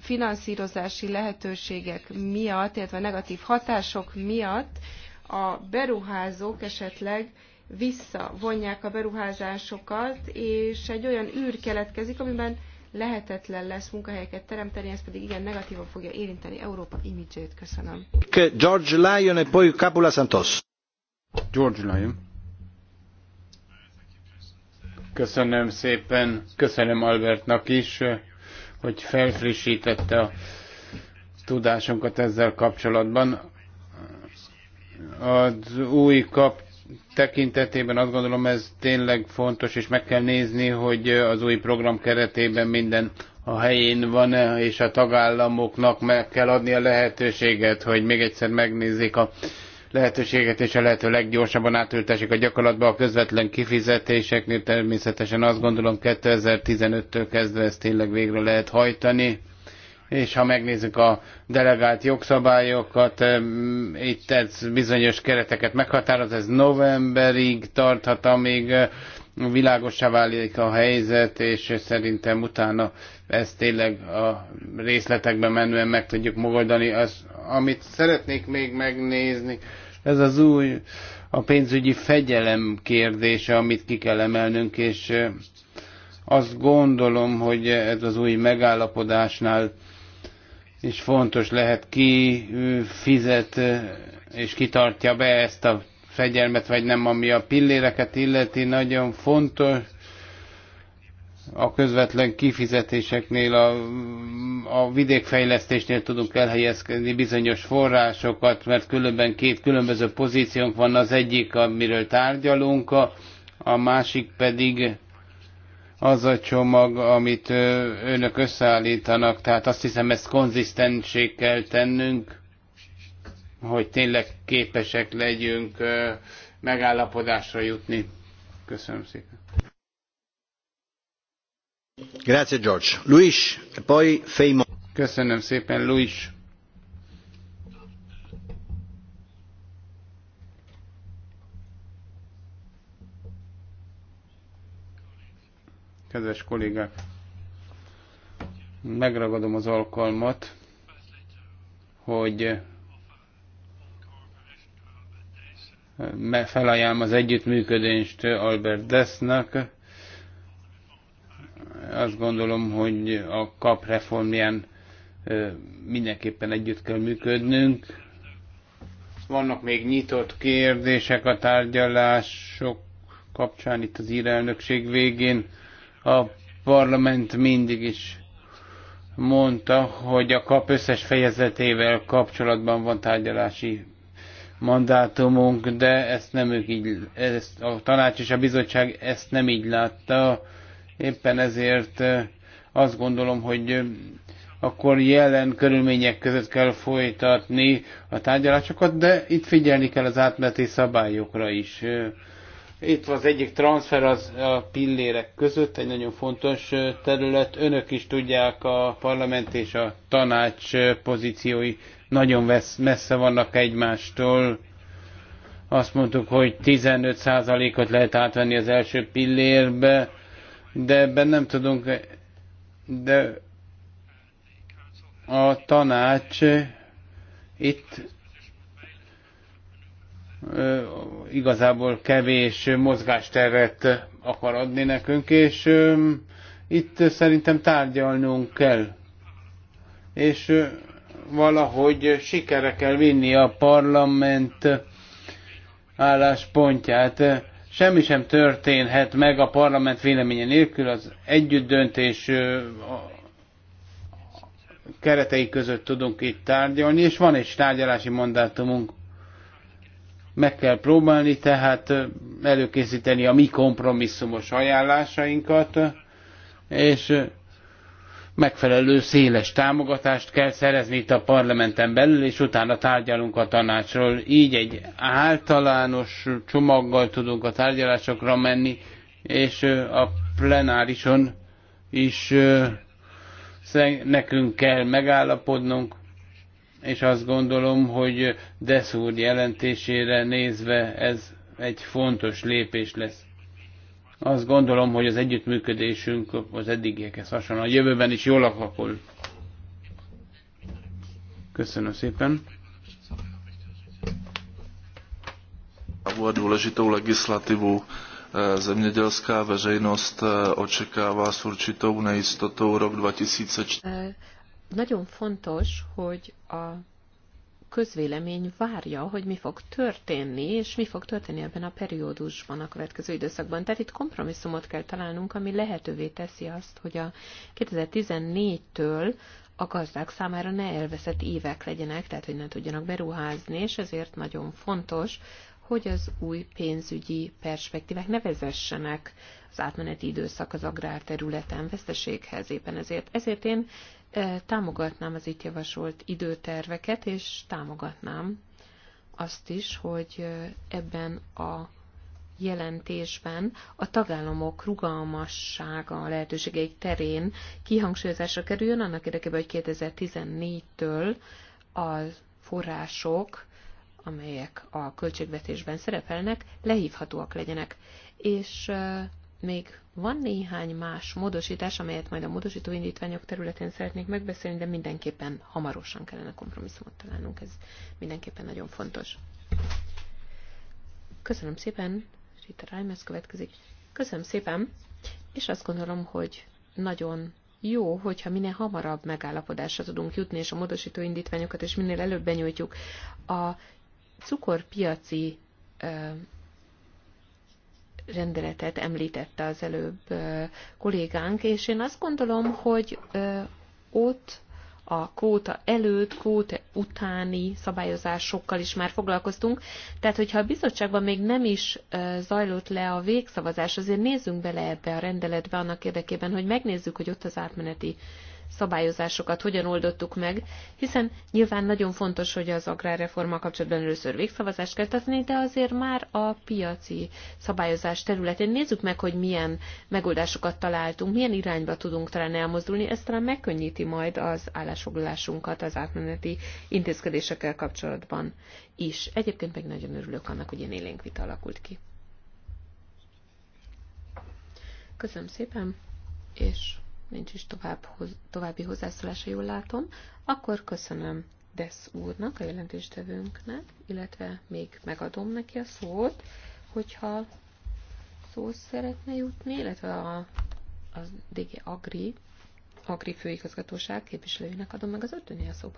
finanszírozási lehetőségek miatt, illetve a negatív hatások miatt a beruházók esetleg visszavonják a beruházásokat, és egy olyan űr keletkezik, amiben lehetetlen lesz munkahelyeket teremteni, ez pedig igen negatívan fogja érinteni Európa imidzsét. Köszönöm. George Lyon e poi Capula Santos. George Lyon. Köszönöm szépen, köszönöm Albertnak is, hogy felfrissítette a tudásunkat ezzel kapcsolatban. Az új kap tekintetében azt gondolom ez tényleg fontos, és meg kell nézni, hogy az új program keretében minden a helyén van, és a tagállamoknak meg kell adni a lehetőséget, hogy még egyszer megnézzék a lehetőséget, és a lehető leggyorsabban átültessék a gyakorlatba a közvetlen kifizetéseknél. Természetesen azt gondolom 2015-től kezdve ezt tényleg végre lehet hajtani és ha megnézzük a delegált jogszabályokat, itt ez bizonyos kereteket meghatároz, ez novemberig tarthat, amíg világosá válik a helyzet, és szerintem utána ezt tényleg a részletekben menően meg tudjuk megoldani. Az, amit szeretnék még megnézni, ez az új, a pénzügyi fegyelem kérdése, amit ki kell emelnünk, és azt gondolom, hogy ez az új megállapodásnál és fontos lehet ki fizet és kitartja be ezt a fegyelmet, vagy nem, ami a pilléreket illeti, nagyon fontos a közvetlen kifizetéseknél, a, a vidékfejlesztésnél tudunk elhelyezkedni bizonyos forrásokat, mert különben két különböző pozíciónk van, az egyik, amiről tárgyalunk, a, a másik pedig az a csomag, amit önök összeállítanak, tehát azt hiszem ezt konzisztenség kell tennünk, hogy tényleg képesek legyünk megállapodásra jutni. Köszönöm szépen. Grazie George. Luis, poi Feimo. Köszönöm szépen, Luis. Kedves kollégák, megragadom az alkalmat, hogy felajánlom az együttműködést Albert Desznek. Azt gondolom, hogy a kap reformján mindenképpen együtt kell működnünk. Vannak még nyitott kérdések a tárgyalások kapcsán itt az írelnökség végén. A parlament mindig is mondta, hogy a kap összes fejezetével kapcsolatban van tárgyalási mandátumunk, de ezt nem ők így, ezt a tanács és a bizottság ezt nem így látta. Éppen ezért azt gondolom, hogy akkor jelen körülmények között kell folytatni a tárgyalásokat, de itt figyelni kell az átmeneti szabályokra is. Itt az egyik transfer az a pillérek között, egy nagyon fontos terület. Önök is tudják, a parlament és a tanács pozíciói nagyon vesz, messze vannak egymástól. Azt mondtuk, hogy 15%-ot lehet átvenni az első pillérbe, de ebben nem tudunk, de a tanács itt igazából kevés mozgásteret akar adni nekünk, és itt szerintem tárgyalnunk kell. És valahogy sikere kell vinni a parlament álláspontját. Semmi sem történhet meg a parlament véleménye nélkül, az együttdöntés keretei között tudunk itt tárgyalni, és van egy tárgyalási mandátumunk meg kell próbálni tehát előkészíteni a mi kompromisszumos ajánlásainkat, és megfelelő széles támogatást kell szerezni itt a parlamenten belül, és utána tárgyalunk a tanácsról. Így egy általános csomaggal tudunk a tárgyalásokra menni, és a plenárison is nekünk kell megállapodnunk, és azt gondolom, hogy Deszúr jelentésére nézve ez egy fontos lépés lesz. Azt gondolom, hogy az együttműködésünk az eddigiekhez hasonló. a jövőben is jól alakul. Köszönöm szépen. Byla důležitou legislativu. E, zemědělská veřejnost e, očekává s určitou nejistotou rok 2004. E, nagyon fontos, hogy a közvélemény várja, hogy mi fog történni, és mi fog történni ebben a periódusban, a következő időszakban. Tehát itt kompromisszumot kell találnunk, ami lehetővé teszi azt, hogy a 2014-től a gazdák számára ne elveszett évek legyenek, tehát hogy ne tudjanak beruházni, és ezért nagyon fontos, hogy az új pénzügyi perspektívák ne vezessenek az átmeneti időszak az agrárterületen veszteséghez éppen ezért. Ezért én e, támogatnám az itt javasolt időterveket, és támogatnám azt is, hogy e, ebben a jelentésben a tagállamok rugalmassága a lehetőségeik terén kihangsúlyozásra kerüljön, annak érdekében, hogy 2014-től a források amelyek a költségvetésben szerepelnek, lehívhatóak legyenek. És még van néhány más módosítás, amelyet majd a módosító indítványok területén szeretnék megbeszélni, de mindenképpen hamarosan kellene kompromisszumot találnunk, ez mindenképpen nagyon fontos. Köszönöm szépen, Rita Reimers következik. Köszönöm szépen, és azt gondolom, hogy nagyon jó, hogyha minél hamarabb megállapodásra tudunk jutni, és a módosító indítványokat is minél előbb benyújtjuk. A cukorpiaci rendeletet említette az előbb kollégánk, és én azt gondolom, hogy ott a kóta előtt, kóta utáni szabályozásokkal is már foglalkoztunk. Tehát, hogyha a bizottságban még nem is zajlott le a végszavazás, azért nézzünk bele ebbe a rendeletbe annak érdekében, hogy megnézzük, hogy ott az átmeneti szabályozásokat hogyan oldottuk meg, hiszen nyilván nagyon fontos, hogy az agrárreforma kapcsolatban először végszavazást kell tenni, de azért már a piaci szabályozás területén nézzük meg, hogy milyen megoldásokat találtunk, milyen irányba tudunk talán elmozdulni, ez talán megkönnyíti majd az állásfoglalásunkat az átmeneti intézkedésekkel kapcsolatban is. Egyébként meg nagyon örülök annak, hogy ilyen élénk vita alakult ki. Köszönöm szépen, és nincs is tovább, hoz, további hozzászólása, jól látom, akkor köszönöm Desz úrnak, a jelentéstevőnknek, illetve még megadom neki a szót, hogyha szó szeretne jutni, illetve a, a DG Agri, Agri főigazgatóság képviselőjének adom meg az ötöné a szó,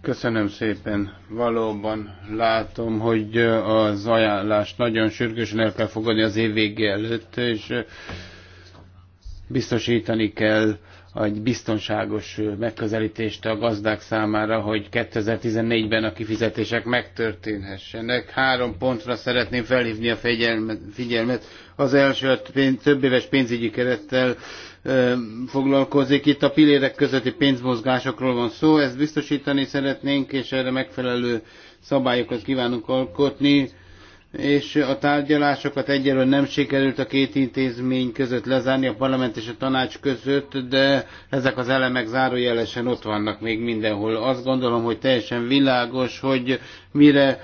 Köszönöm szépen. Valóban látom, hogy az ajánlást nagyon sürgősen el kell fogadni az év végé előtt, és biztosítani kell egy biztonságos megközelítést a gazdák számára, hogy 2014-ben a kifizetések megtörténhessenek. Három pontra szeretném felhívni a figyelmet. Az első a több éves pénzügyi kerettel foglalkozik. Itt a pillérek közötti pénzmozgásokról van szó, ezt biztosítani szeretnénk, és erre megfelelő szabályokat kívánunk alkotni és a tárgyalásokat egyelőre nem sikerült a két intézmény között lezárni, a parlament és a tanács között, de ezek az elemek zárójelesen ott vannak még mindenhol. Azt gondolom, hogy teljesen világos, hogy mire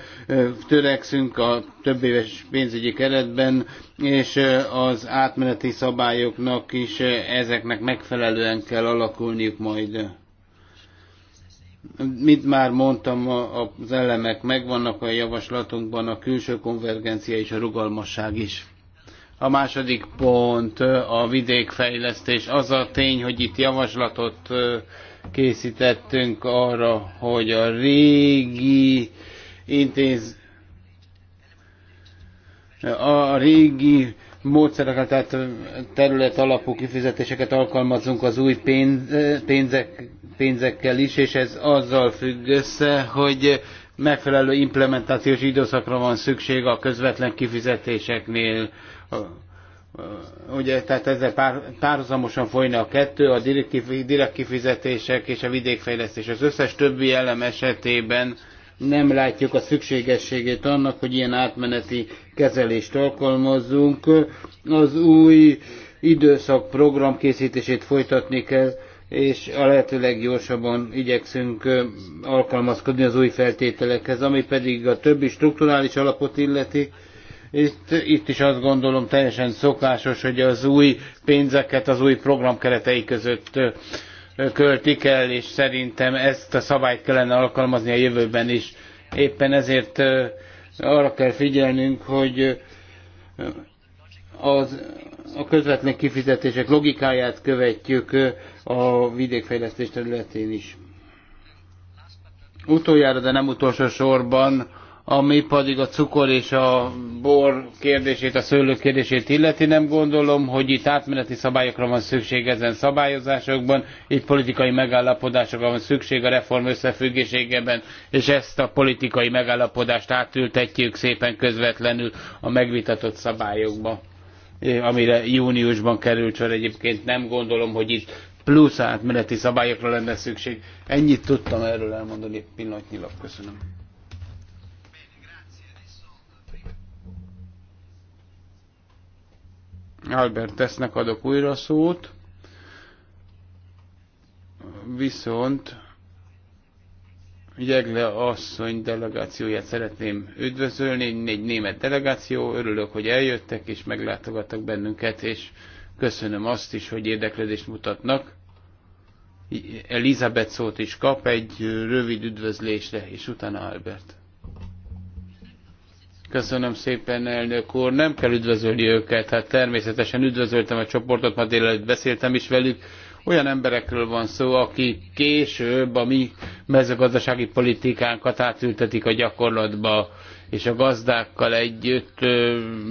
törekszünk a több éves pénzügyi keretben, és az átmeneti szabályoknak is ezeknek megfelelően kell alakulniuk majd. Mint már mondtam, az elemek megvannak a javaslatunkban, a külső konvergencia és a rugalmasság is. A második pont a vidékfejlesztés. Az a tény, hogy itt javaslatot készítettünk arra, hogy a régi intéz a régi módszereket, tehát terület alapú kifizetéseket alkalmazunk az új pénz, pénzek pénzekkel is, és ez azzal függ össze, hogy megfelelő implementációs időszakra van szükség a közvetlen kifizetéseknél. Ugye, tehát ezzel pár, párhuzamosan folyna a kettő, a direkt kifizetések és a vidékfejlesztés. Az összes többi elem esetében nem látjuk a szükségességét annak, hogy ilyen átmeneti kezelést alkalmazzunk. Az új időszak program készítését folytatni kell, és a lehető leggyorsabban igyekszünk alkalmazkodni az új feltételekhez, ami pedig a többi strukturális alapot illeti. Itt, itt is azt gondolom teljesen szokásos, hogy az új pénzeket az új program keretei között költik el, és szerintem ezt a szabályt kellene alkalmazni a jövőben is. Éppen ezért arra kell figyelnünk, hogy az a közvetlen kifizetések logikáját követjük a vidékfejlesztés területén is. Utoljára, de nem utolsó sorban, ami pedig a cukor és a bor kérdését, a szőlő kérdését illeti, nem gondolom, hogy itt átmeneti szabályokra van szükség ezen szabályozásokban, itt politikai megállapodásokra van szükség a reform összefüggésében, és ezt a politikai megállapodást átültetjük szépen közvetlenül a megvitatott szabályokba amire júniusban került sor egyébként. Nem gondolom, hogy itt plusz átmeneti szabályokra lenne szükség. Ennyit tudtam erről elmondani pillanatnyilag. Köszönöm. Albert tesznek adok újra szót, viszont Jegle asszony delegációját szeretném üdvözölni, egy német delegáció, örülök, hogy eljöttek és meglátogattak bennünket, és köszönöm azt is, hogy érdeklődést mutatnak. Elizabeth szót is kap egy rövid üdvözlésre, és utána Albert. Köszönöm szépen, elnök úr. Nem kell üdvözölni őket, hát természetesen üdvözöltem a csoportot, ma délelőtt beszéltem is velük olyan emberekről van szó, akik később a mi mezőgazdasági politikánkat átültetik a gyakorlatba, és a gazdákkal együtt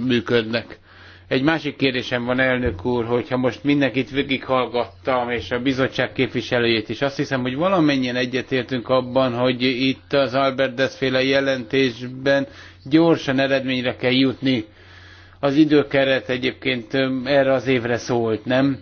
működnek. Egy másik kérdésem van, elnök úr, hogyha most mindenkit végighallgattam, és a bizottság képviselőjét is, azt hiszem, hogy valamennyien egyetértünk abban, hogy itt az Albert Deszféle jelentésben gyorsan eredményre kell jutni. Az időkeret egyébként erre az évre szólt, nem?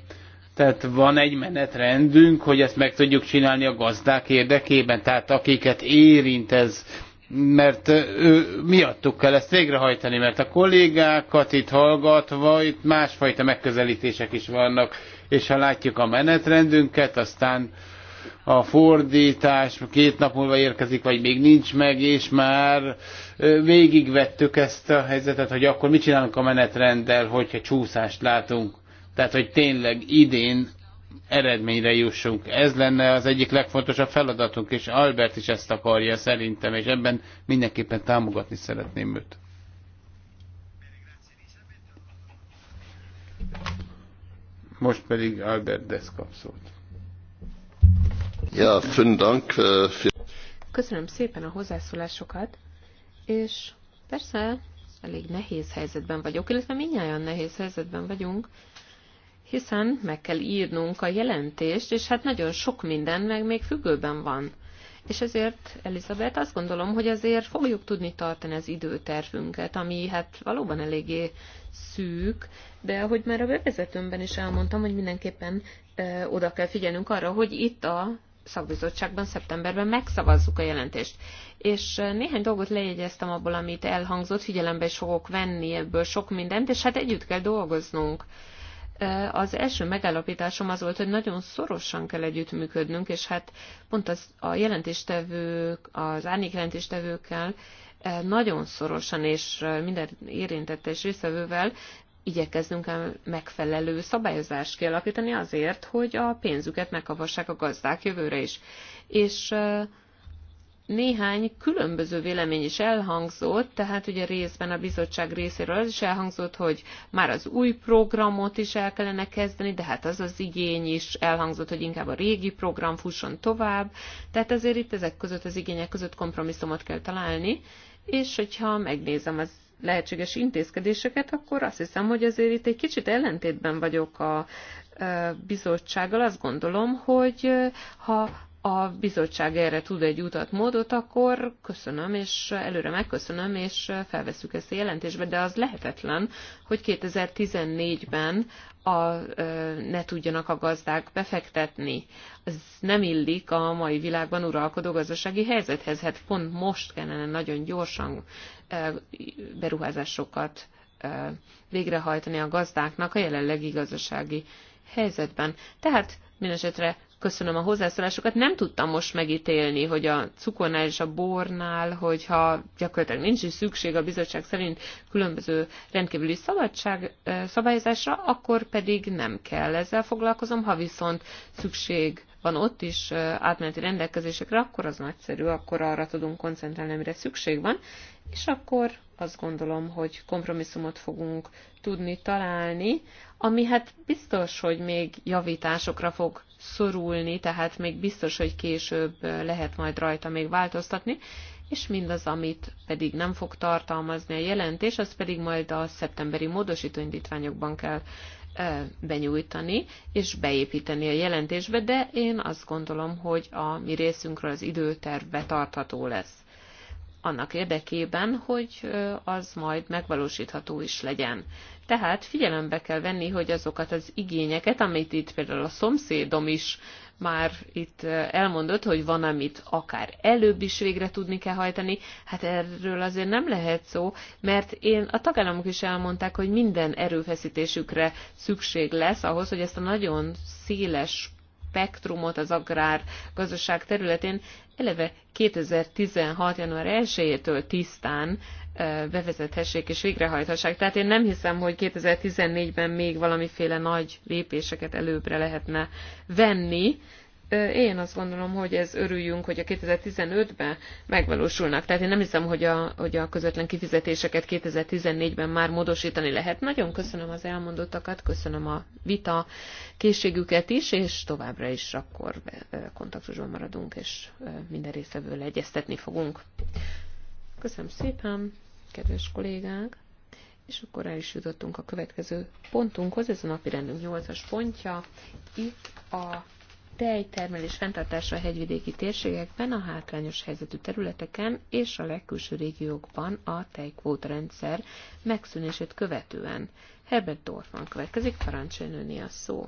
Tehát van egy menetrendünk, hogy ezt meg tudjuk csinálni a gazdák érdekében, tehát akiket érint ez, mert ő, miattuk kell ezt végrehajtani, mert a kollégákat itt hallgatva, itt másfajta megközelítések is vannak, és ha látjuk a menetrendünket, aztán a fordítás két nap múlva érkezik, vagy még nincs meg, és már végigvettük ezt a helyzetet, hogy akkor mit csinálunk a menetrenddel, hogyha csúszást látunk. Tehát, hogy tényleg idén eredményre jussunk. Ez lenne az egyik legfontosabb feladatunk, és Albert is ezt akarja szerintem, és ebben mindenképpen támogatni szeretném őt. Most pedig Albert Desz kap szót. Ja, vielen Dank. Äh, Köszönöm szépen a hozzászólásokat, és persze elég nehéz helyzetben vagyok, illetve minnyáján nehéz helyzetben vagyunk, hiszen meg kell írnunk a jelentést, és hát nagyon sok minden meg még függőben van. És ezért, Elizabeth, azt gondolom, hogy azért fogjuk tudni tartani az időtervünket, ami hát valóban eléggé szűk, de ahogy már a bevezetőmben is elmondtam, hogy mindenképpen ö, oda kell figyelnünk arra, hogy itt a szakbizottságban szeptemberben megszavazzuk a jelentést. És néhány dolgot lejegyeztem abból, amit elhangzott, figyelembe is fogok venni ebből sok mindent, és hát együtt kell dolgoznunk az első megállapításom az volt, hogy nagyon szorosan kell együttműködnünk, és hát pont az, a jelentéstevők, az árnyék jelentéstevőkkel nagyon szorosan és minden érintett és részvevővel igyekeznünk el megfelelő szabályozást kialakítani azért, hogy a pénzüket megkavassák a gazdák jövőre is. És néhány különböző vélemény is elhangzott, tehát ugye részben a bizottság részéről az is elhangzott, hogy már az új programot is el kellene kezdeni, de hát az az igény is elhangzott, hogy inkább a régi program fusson tovább, tehát azért itt ezek között az igények között kompromisszumot kell találni, és hogyha megnézem az lehetséges intézkedéseket, akkor azt hiszem, hogy azért itt egy kicsit ellentétben vagyok a bizottsággal. Azt gondolom, hogy ha a bizottság erre tud egy utat, módot, akkor köszönöm, és előre megköszönöm, és felveszük ezt a jelentésbe, de az lehetetlen, hogy 2014-ben a, ne tudjanak a gazdák befektetni. Ez nem illik a mai világban uralkodó gazdasági helyzethez. Hát pont most kellene nagyon gyorsan beruházásokat végrehajtani a gazdáknak a jelenlegi gazdasági helyzetben. Tehát mindesetre köszönöm a hozzászólásokat. Nem tudtam most megítélni, hogy a cukornál és a bornál, hogyha gyakorlatilag nincs is szükség a bizottság szerint különböző rendkívüli szabadság szabályozásra, akkor pedig nem kell ezzel foglalkozom. Ha viszont szükség van ott is átmeneti rendelkezésekre, akkor az nagyszerű, akkor arra tudunk koncentrálni, amire szükség van, és akkor azt gondolom, hogy kompromisszumot fogunk tudni találni, ami hát biztos, hogy még javításokra fog szorulni, tehát még biztos, hogy később lehet majd rajta még változtatni, és mindaz, amit pedig nem fog tartalmazni a jelentés, az pedig majd a szeptemberi módosítóindítványokban kell e, benyújtani és beépíteni a jelentésbe, de én azt gondolom, hogy a mi részünkről az időterv betartható lesz annak érdekében, hogy az majd megvalósítható is legyen. Tehát figyelembe kell venni, hogy azokat az igényeket, amit itt például a szomszédom is már itt elmondott, hogy van, amit akár előbb is végre tudni kell hajtani, hát erről azért nem lehet szó, mert én a tagállamok is elmondták, hogy minden erőfeszítésükre szükség lesz ahhoz, hogy ezt a nagyon széles spektrumot az agrárgazdaság területén eleve 2016. január 1-től tisztán bevezethessék és végrehajthassák. Tehát én nem hiszem, hogy 2014-ben még valamiféle nagy lépéseket előbbre lehetne venni, én azt gondolom, hogy ez örüljünk, hogy a 2015-ben megvalósulnak. Tehát én nem hiszem, hogy a, hogy a közvetlen kifizetéseket 2014-ben már módosítani lehet. Nagyon köszönöm az elmondottakat, köszönöm a vita készségüket is, és továbbra is akkor kontaktusban maradunk, és minden részevől egyeztetni fogunk. Köszönöm szépen, kedves kollégák! És akkor el is jutottunk a következő pontunkhoz, ez a napi rendünk 8-as pontja. Itt a tejtermelés fenntartása a hegyvidéki térségekben, a hátrányos helyzetű területeken és a legkülső régiókban a tejkvóta rendszer megszűnését követően. Herbert Dorfman következik, parancsoljon a szó.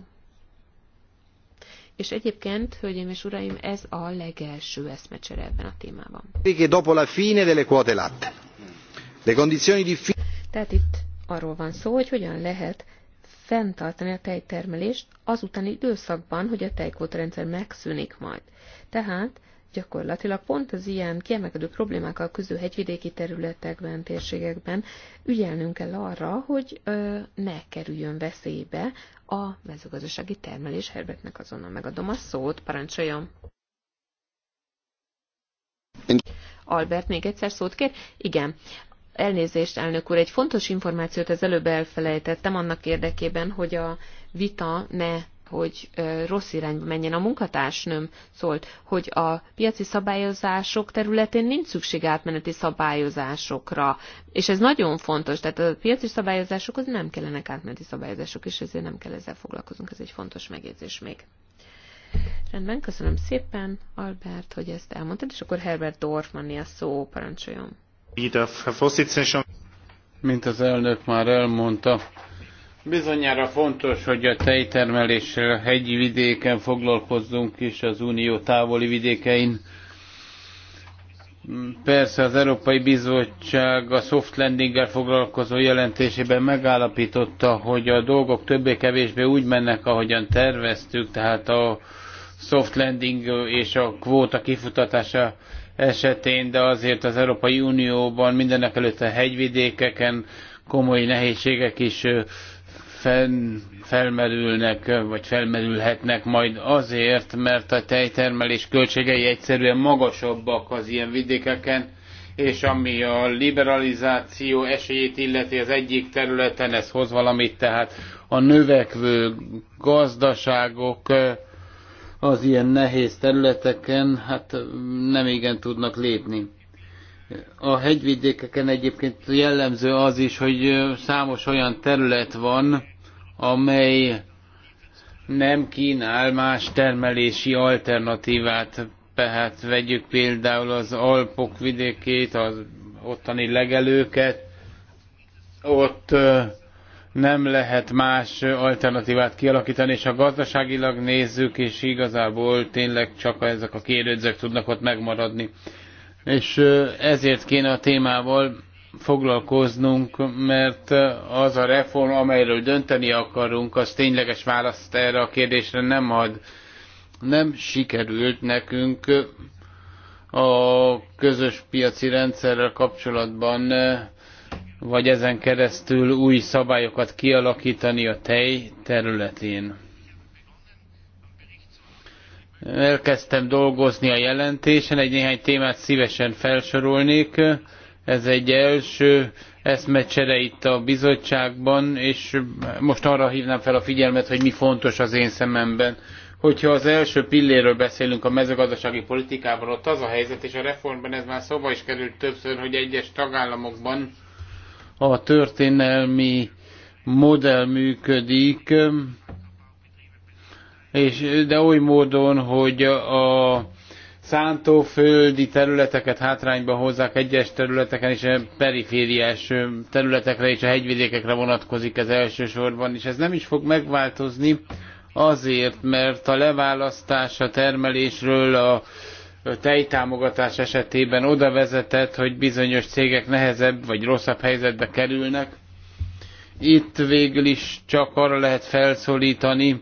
És egyébként, hölgyeim és uraim, ez a legelső eszmecsere ebben a témában. dopo la fine delle quote latte. Le condizioni difficili. Tehát itt arról van szó, hogy hogyan lehet fenntartani a tejtermelést azután időszakban, hogy a tejkvótarendszer megszűnik majd. Tehát gyakorlatilag pont az ilyen kiemelkedő problémákkal küzdő hegyvidéki területekben, térségekben ügyelnünk kell arra, hogy ö, ne kerüljön veszélybe a mezőgazdasági termelés. Herbertnek azonnal megadom a szót, parancsoljon! Albert még egyszer szót kér? Igen. Elnézést, elnök úr, egy fontos információt az előbb elfelejtettem annak érdekében, hogy a vita ne hogy rossz irányba menjen. A munkatársnőm szólt, hogy a piaci szabályozások területén nincs szükség átmeneti szabályozásokra, és ez nagyon fontos, tehát a piaci szabályozásokhoz nem kellenek átmeneti szabályozások, és ezért nem kell ezzel foglalkozunk, ez egy fontos megjegyzés még. Rendben, köszönöm szépen, Albert, hogy ezt elmondtad, és akkor Herbert Dorfmanni a szó, parancsoljon. Mint az elnök már elmondta, bizonyára fontos, hogy a tejtermeléssel a hegyi vidéken foglalkozzunk is, az unió távoli vidékein. Persze az Európai Bizottság a soft landinggel foglalkozó jelentésében megállapította, hogy a dolgok többé-kevésbé úgy mennek, ahogyan terveztük, tehát a soft landing és a kvóta kifutatása esetén, de azért az Európai Unióban mindenek előtt a hegyvidékeken komoly nehézségek is fenn, felmerülnek, vagy felmerülhetnek majd azért, mert a tejtermelés költségei egyszerűen magasabbak az ilyen vidékeken, és ami a liberalizáció esélyét illeti az egyik területen, ez hoz valamit, tehát a növekvő gazdaságok az ilyen nehéz területeken hát nem igen tudnak lépni. A hegyvidékeken egyébként jellemző az is, hogy számos olyan terület van, amely nem kínál más termelési alternatívát. Tehát vegyük például az Alpok vidékét, az ottani legelőket, ott nem lehet más alternatívát kialakítani, és ha gazdaságilag nézzük, és igazából tényleg csak ezek a kérődzek tudnak ott megmaradni. És ezért kéne a témával foglalkoznunk, mert az a reform, amelyről dönteni akarunk, az tényleges választ erre a kérdésre nem ad. Nem sikerült nekünk a közös piaci rendszerrel kapcsolatban vagy ezen keresztül új szabályokat kialakítani a tej területén. Elkezdtem dolgozni a jelentésen, egy néhány témát szívesen felsorolnék. Ez egy első eszmecsere itt a bizottságban, és most arra hívnám fel a figyelmet, hogy mi fontos az én szememben. Hogyha az első pilléről beszélünk a mezőgazdasági politikában, ott az a helyzet, és a reformban ez már szóba is került többször, hogy egyes tagállamokban a történelmi modell működik, és, de oly módon, hogy a szántóföldi területeket hátrányba hozzák egyes területeken és a perifériás területekre és a hegyvidékekre vonatkozik ez elsősorban, és ez nem is fog megváltozni azért, mert a leválasztás a termelésről, a tejtámogatás esetében oda vezetett, hogy bizonyos cégek nehezebb vagy rosszabb helyzetbe kerülnek. Itt végül is csak arra lehet felszólítani,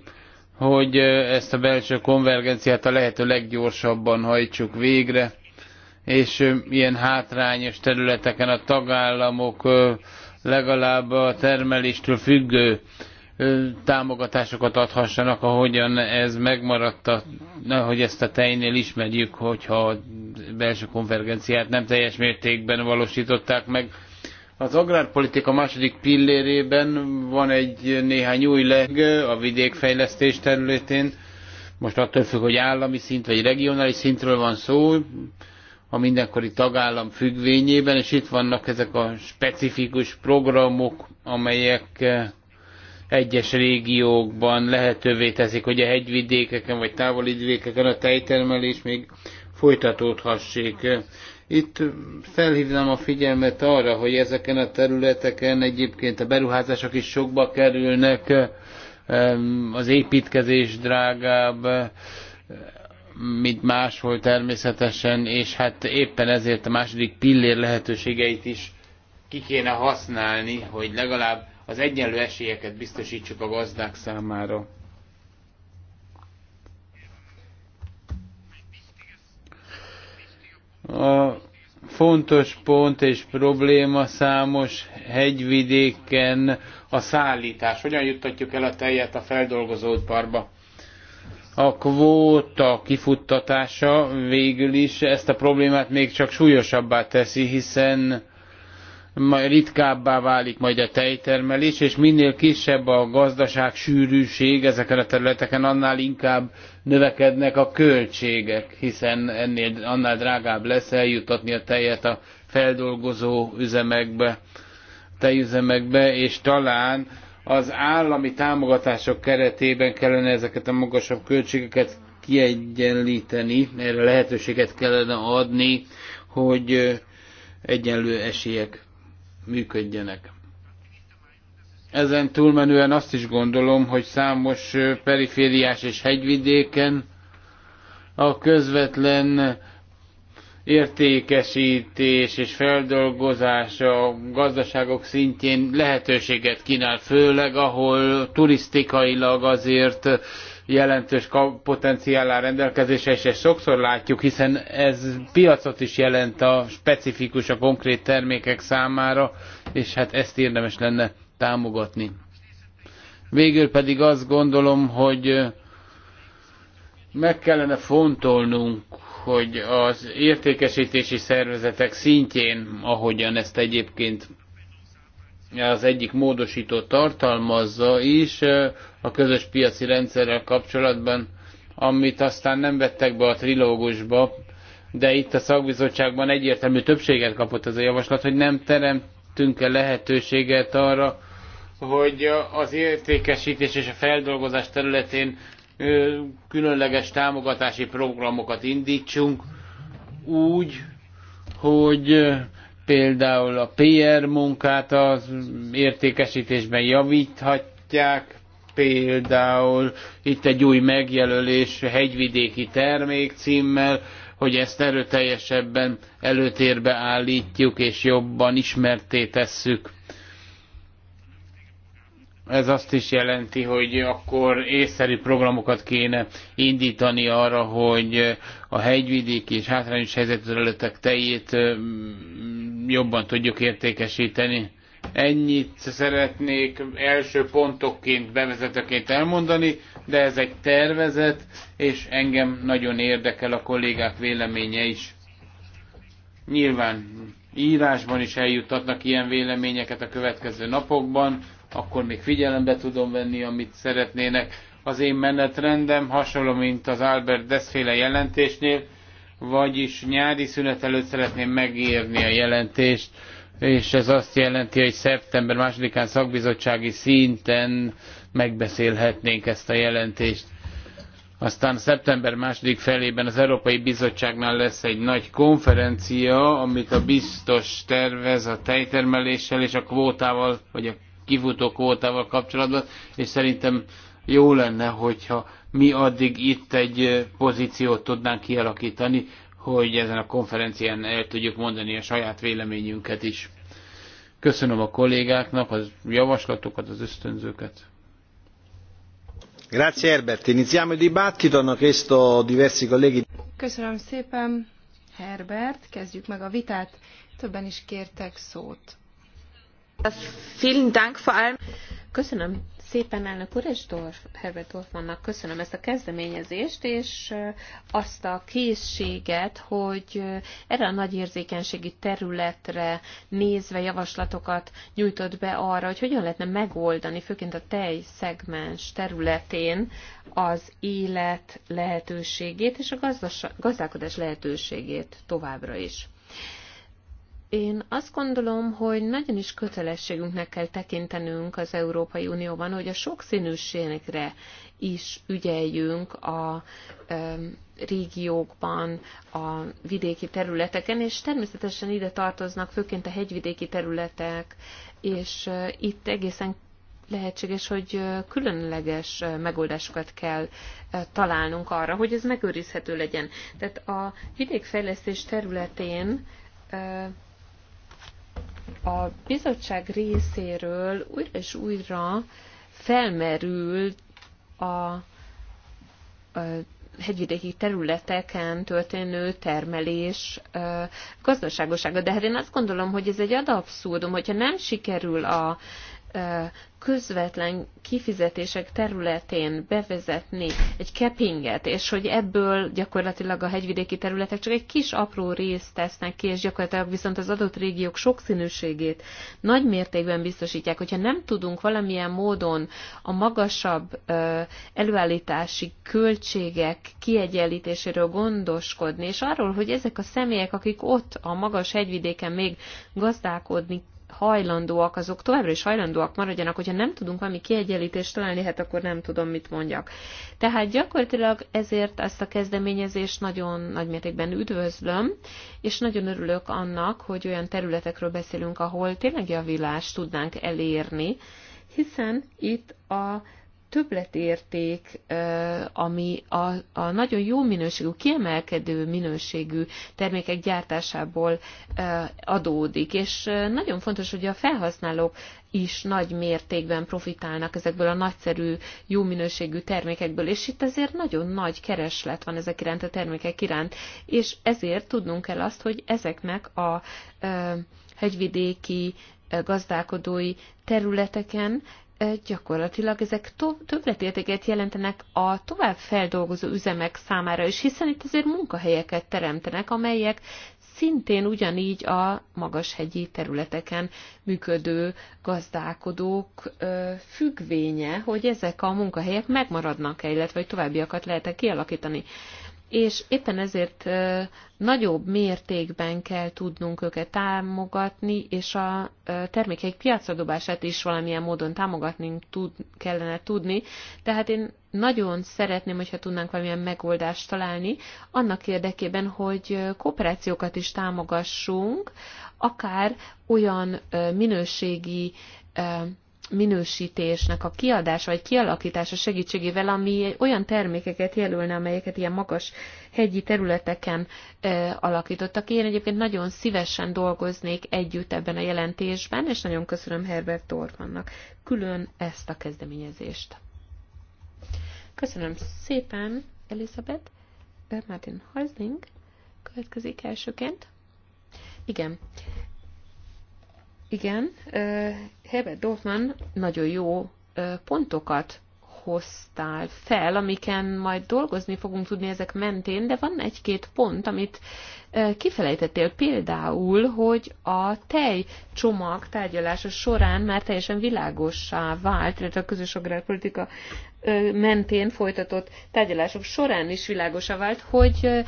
hogy ezt a belső konvergenciát a lehető leggyorsabban hajtsuk végre, és ilyen hátrányos területeken a tagállamok legalább a termeléstől függő támogatásokat adhassanak, ahogyan ez megmaradt, a, hogy ezt a tejnél ismerjük, hogyha a belső konvergenciát nem teljes mértékben valósították meg. Az agrárpolitika második pillérében van egy néhány új leg a vidékfejlesztés területén. Most attól függ, hogy állami szint vagy regionális szintről van szó, a mindenkori tagállam függvényében, és itt vannak ezek a specifikus programok, amelyek egyes régiókban lehetővé teszik, hogy a hegyvidékeken vagy távoli vidékeken a tejtermelés még folytatódhassék. Itt felhívnám a figyelmet arra, hogy ezeken a területeken egyébként a beruházások is sokba kerülnek, az építkezés drágább, mint máshol természetesen, és hát éppen ezért a második pillér lehetőségeit is ki kéne használni, hogy legalább az egyenlő esélyeket biztosítsuk a gazdák számára. A fontos pont és probléma számos hegyvidéken a szállítás. Hogyan juttatjuk el a tejet a feldolgozott parba? A kvóta kifuttatása végül is ezt a problémát még csak súlyosabbá teszi, hiszen majd ritkábbá válik majd a tejtermelés, és minél kisebb a gazdaság sűrűség ezeken a területeken, annál inkább növekednek a költségek, hiszen ennél annál drágább lesz eljutatni a tejet a feldolgozó üzemekbe, tejüzemekbe, és talán az állami támogatások keretében kellene ezeket a magasabb költségeket kiegyenlíteni, erre lehetőséget kellene adni, hogy egyenlő esélyek működjenek. Ezen túlmenően azt is gondolom, hogy számos perifériás és hegyvidéken a közvetlen értékesítés és feldolgozás a gazdaságok szintjén lehetőséget kínál, főleg ahol turisztikailag azért jelentős potenciállal rendelkezésre, és ezt sokszor látjuk, hiszen ez piacot is jelent a specifikus, a konkrét termékek számára, és hát ezt érdemes lenne támogatni. Végül pedig azt gondolom, hogy meg kellene fontolnunk, hogy az értékesítési szervezetek szintjén, ahogyan ezt egyébként az egyik módosító tartalmazza is a közös piaci rendszerrel kapcsolatban, amit aztán nem vettek be a trilógusba, de itt a szakbizottságban egyértelmű többséget kapott ez a javaslat, hogy nem teremtünk-e lehetőséget arra, hogy az értékesítés és a feldolgozás területén különleges támogatási programokat indítsunk úgy, hogy például a PR munkát az értékesítésben javíthatják, például itt egy új megjelölés hegyvidéki termék címmel, hogy ezt erőteljesebben előtérbe állítjuk és jobban ismerté tesszük. Ez azt is jelenti, hogy akkor észszerű programokat kéne indítani arra, hogy a hegyvidéki és hátrányos helyzetű területek tejét jobban tudjuk értékesíteni. Ennyit szeretnék első pontokként, bevezetőként elmondani, de ez egy tervezet, és engem nagyon érdekel a kollégák véleménye is. Nyilván írásban is eljuttatnak ilyen véleményeket a következő napokban, akkor még figyelembe tudom venni, amit szeretnének. Az én menetrendem hasonló, mint az Albert Deszféle jelentésnél, vagyis nyári szünet előtt szeretném megírni a jelentést, és ez azt jelenti, hogy szeptember másodikán szakbizottsági szinten megbeszélhetnénk ezt a jelentést. Aztán szeptember második felében az Európai Bizottságnál lesz egy nagy konferencia, amit a biztos tervez a tejtermeléssel és a kvótával, vagy a kivutó kvótával kapcsolatban, és szerintem jó lenne, hogyha mi addig itt egy pozíciót tudnánk kialakítani, hogy ezen a konferencián el tudjuk mondani a saját véleményünket is. Köszönöm a kollégáknak az javaslatokat, az ösztönzőket. Grazie Herbert. Iniziamo il dibattito, hanno chiesto diversi colleghi. Köszönöm szépen, Herbert. Kezdjük meg a vitát. Többen is kértek szót. Köszönöm szépen elnök úr és Herbert Dorfmannak köszönöm ezt a kezdeményezést, és azt a készséget, hogy erre a nagy érzékenységi területre nézve javaslatokat nyújtott be arra, hogy hogyan lehetne megoldani, főként a tej szegmens területén az élet lehetőségét és a gazdálkodás lehetőségét továbbra is. Én azt gondolom, hogy nagyon is kötelességünknek kell tekintenünk az Európai Unióban, hogy a sokszínűségre is ügyeljünk a e, régiókban, a vidéki területeken, és természetesen ide tartoznak főként a hegyvidéki területek, és e, itt egészen lehetséges, hogy különleges megoldásokat kell találnunk arra, hogy ez megőrizhető legyen. Tehát a vidékfejlesztés területén a bizottság részéről újra és újra felmerül a, a hegyvidéki területeken történő termelés gazdaságosága. De hát én azt gondolom, hogy ez egy ad abszurdum, hogyha nem sikerül a közvetlen kifizetések területén bevezetni egy keppinget, és hogy ebből gyakorlatilag a hegyvidéki területek csak egy kis apró részt tesznek ki, és gyakorlatilag viszont az adott régiók sokszínűségét nagy mértékben biztosítják. Hogyha nem tudunk valamilyen módon a magasabb előállítási költségek kiegyenlítéséről gondoskodni, és arról, hogy ezek a személyek, akik ott a magas hegyvidéken még gazdálkodni hajlandóak, azok továbbra is hajlandóak maradjanak, hogyha nem tudunk valami kiegyenlítést találni, hát akkor nem tudom, mit mondjak. Tehát gyakorlatilag ezért ezt a kezdeményezést nagyon nagymértékben üdvözlöm, és nagyon örülök annak, hogy olyan területekről beszélünk, ahol tényleg javulást tudnánk elérni, hiszen itt a többletérték, ami a, a nagyon jó minőségű, kiemelkedő minőségű termékek gyártásából adódik, és nagyon fontos, hogy a felhasználók is nagy mértékben profitálnak ezekből a nagyszerű, jó minőségű termékekből, és itt azért nagyon nagy kereslet van ezek iránt a termékek iránt, és ezért tudnunk kell azt, hogy ezeknek a hegyvidéki gazdálkodói területeken gyakorlatilag ezek többletértéket jelentenek a továbbfeldolgozó üzemek számára is, hiszen itt azért munkahelyeket teremtenek, amelyek szintén ugyanígy a magashegyi területeken működő gazdálkodók függvénye, hogy ezek a munkahelyek megmaradnak-e, illetve hogy továbbiakat lehet-e kialakítani és éppen ezért nagyobb mértékben kell tudnunk őket támogatni, és a termékeik piacadobását is valamilyen módon támogatni tud, kellene tudni. Tehát én nagyon szeretném, hogyha tudnánk valamilyen megoldást találni, annak érdekében, hogy kooperációkat is támogassunk, akár olyan minőségi minősítésnek a kiadása vagy kialakítása segítségével, ami olyan termékeket jelölne, amelyeket ilyen magas hegyi területeken e, alakítottak. Én egyébként nagyon szívesen dolgoznék együtt ebben a jelentésben, és nagyon köszönöm Herbert torvannak külön ezt a kezdeményezést. Köszönöm szépen, Elizabeth. Martin Heusling következik elsőként. Igen, igen, Herbert Dorfman nagyon jó pontokat hoztál fel, amiken majd dolgozni fogunk tudni ezek mentén, de van egy-két pont, amit kifelejtettél például, hogy a tej csomag tárgyalása során már teljesen világossá vált, illetve a közös agrárpolitika mentén folytatott tárgyalások során is világosá vált, hogy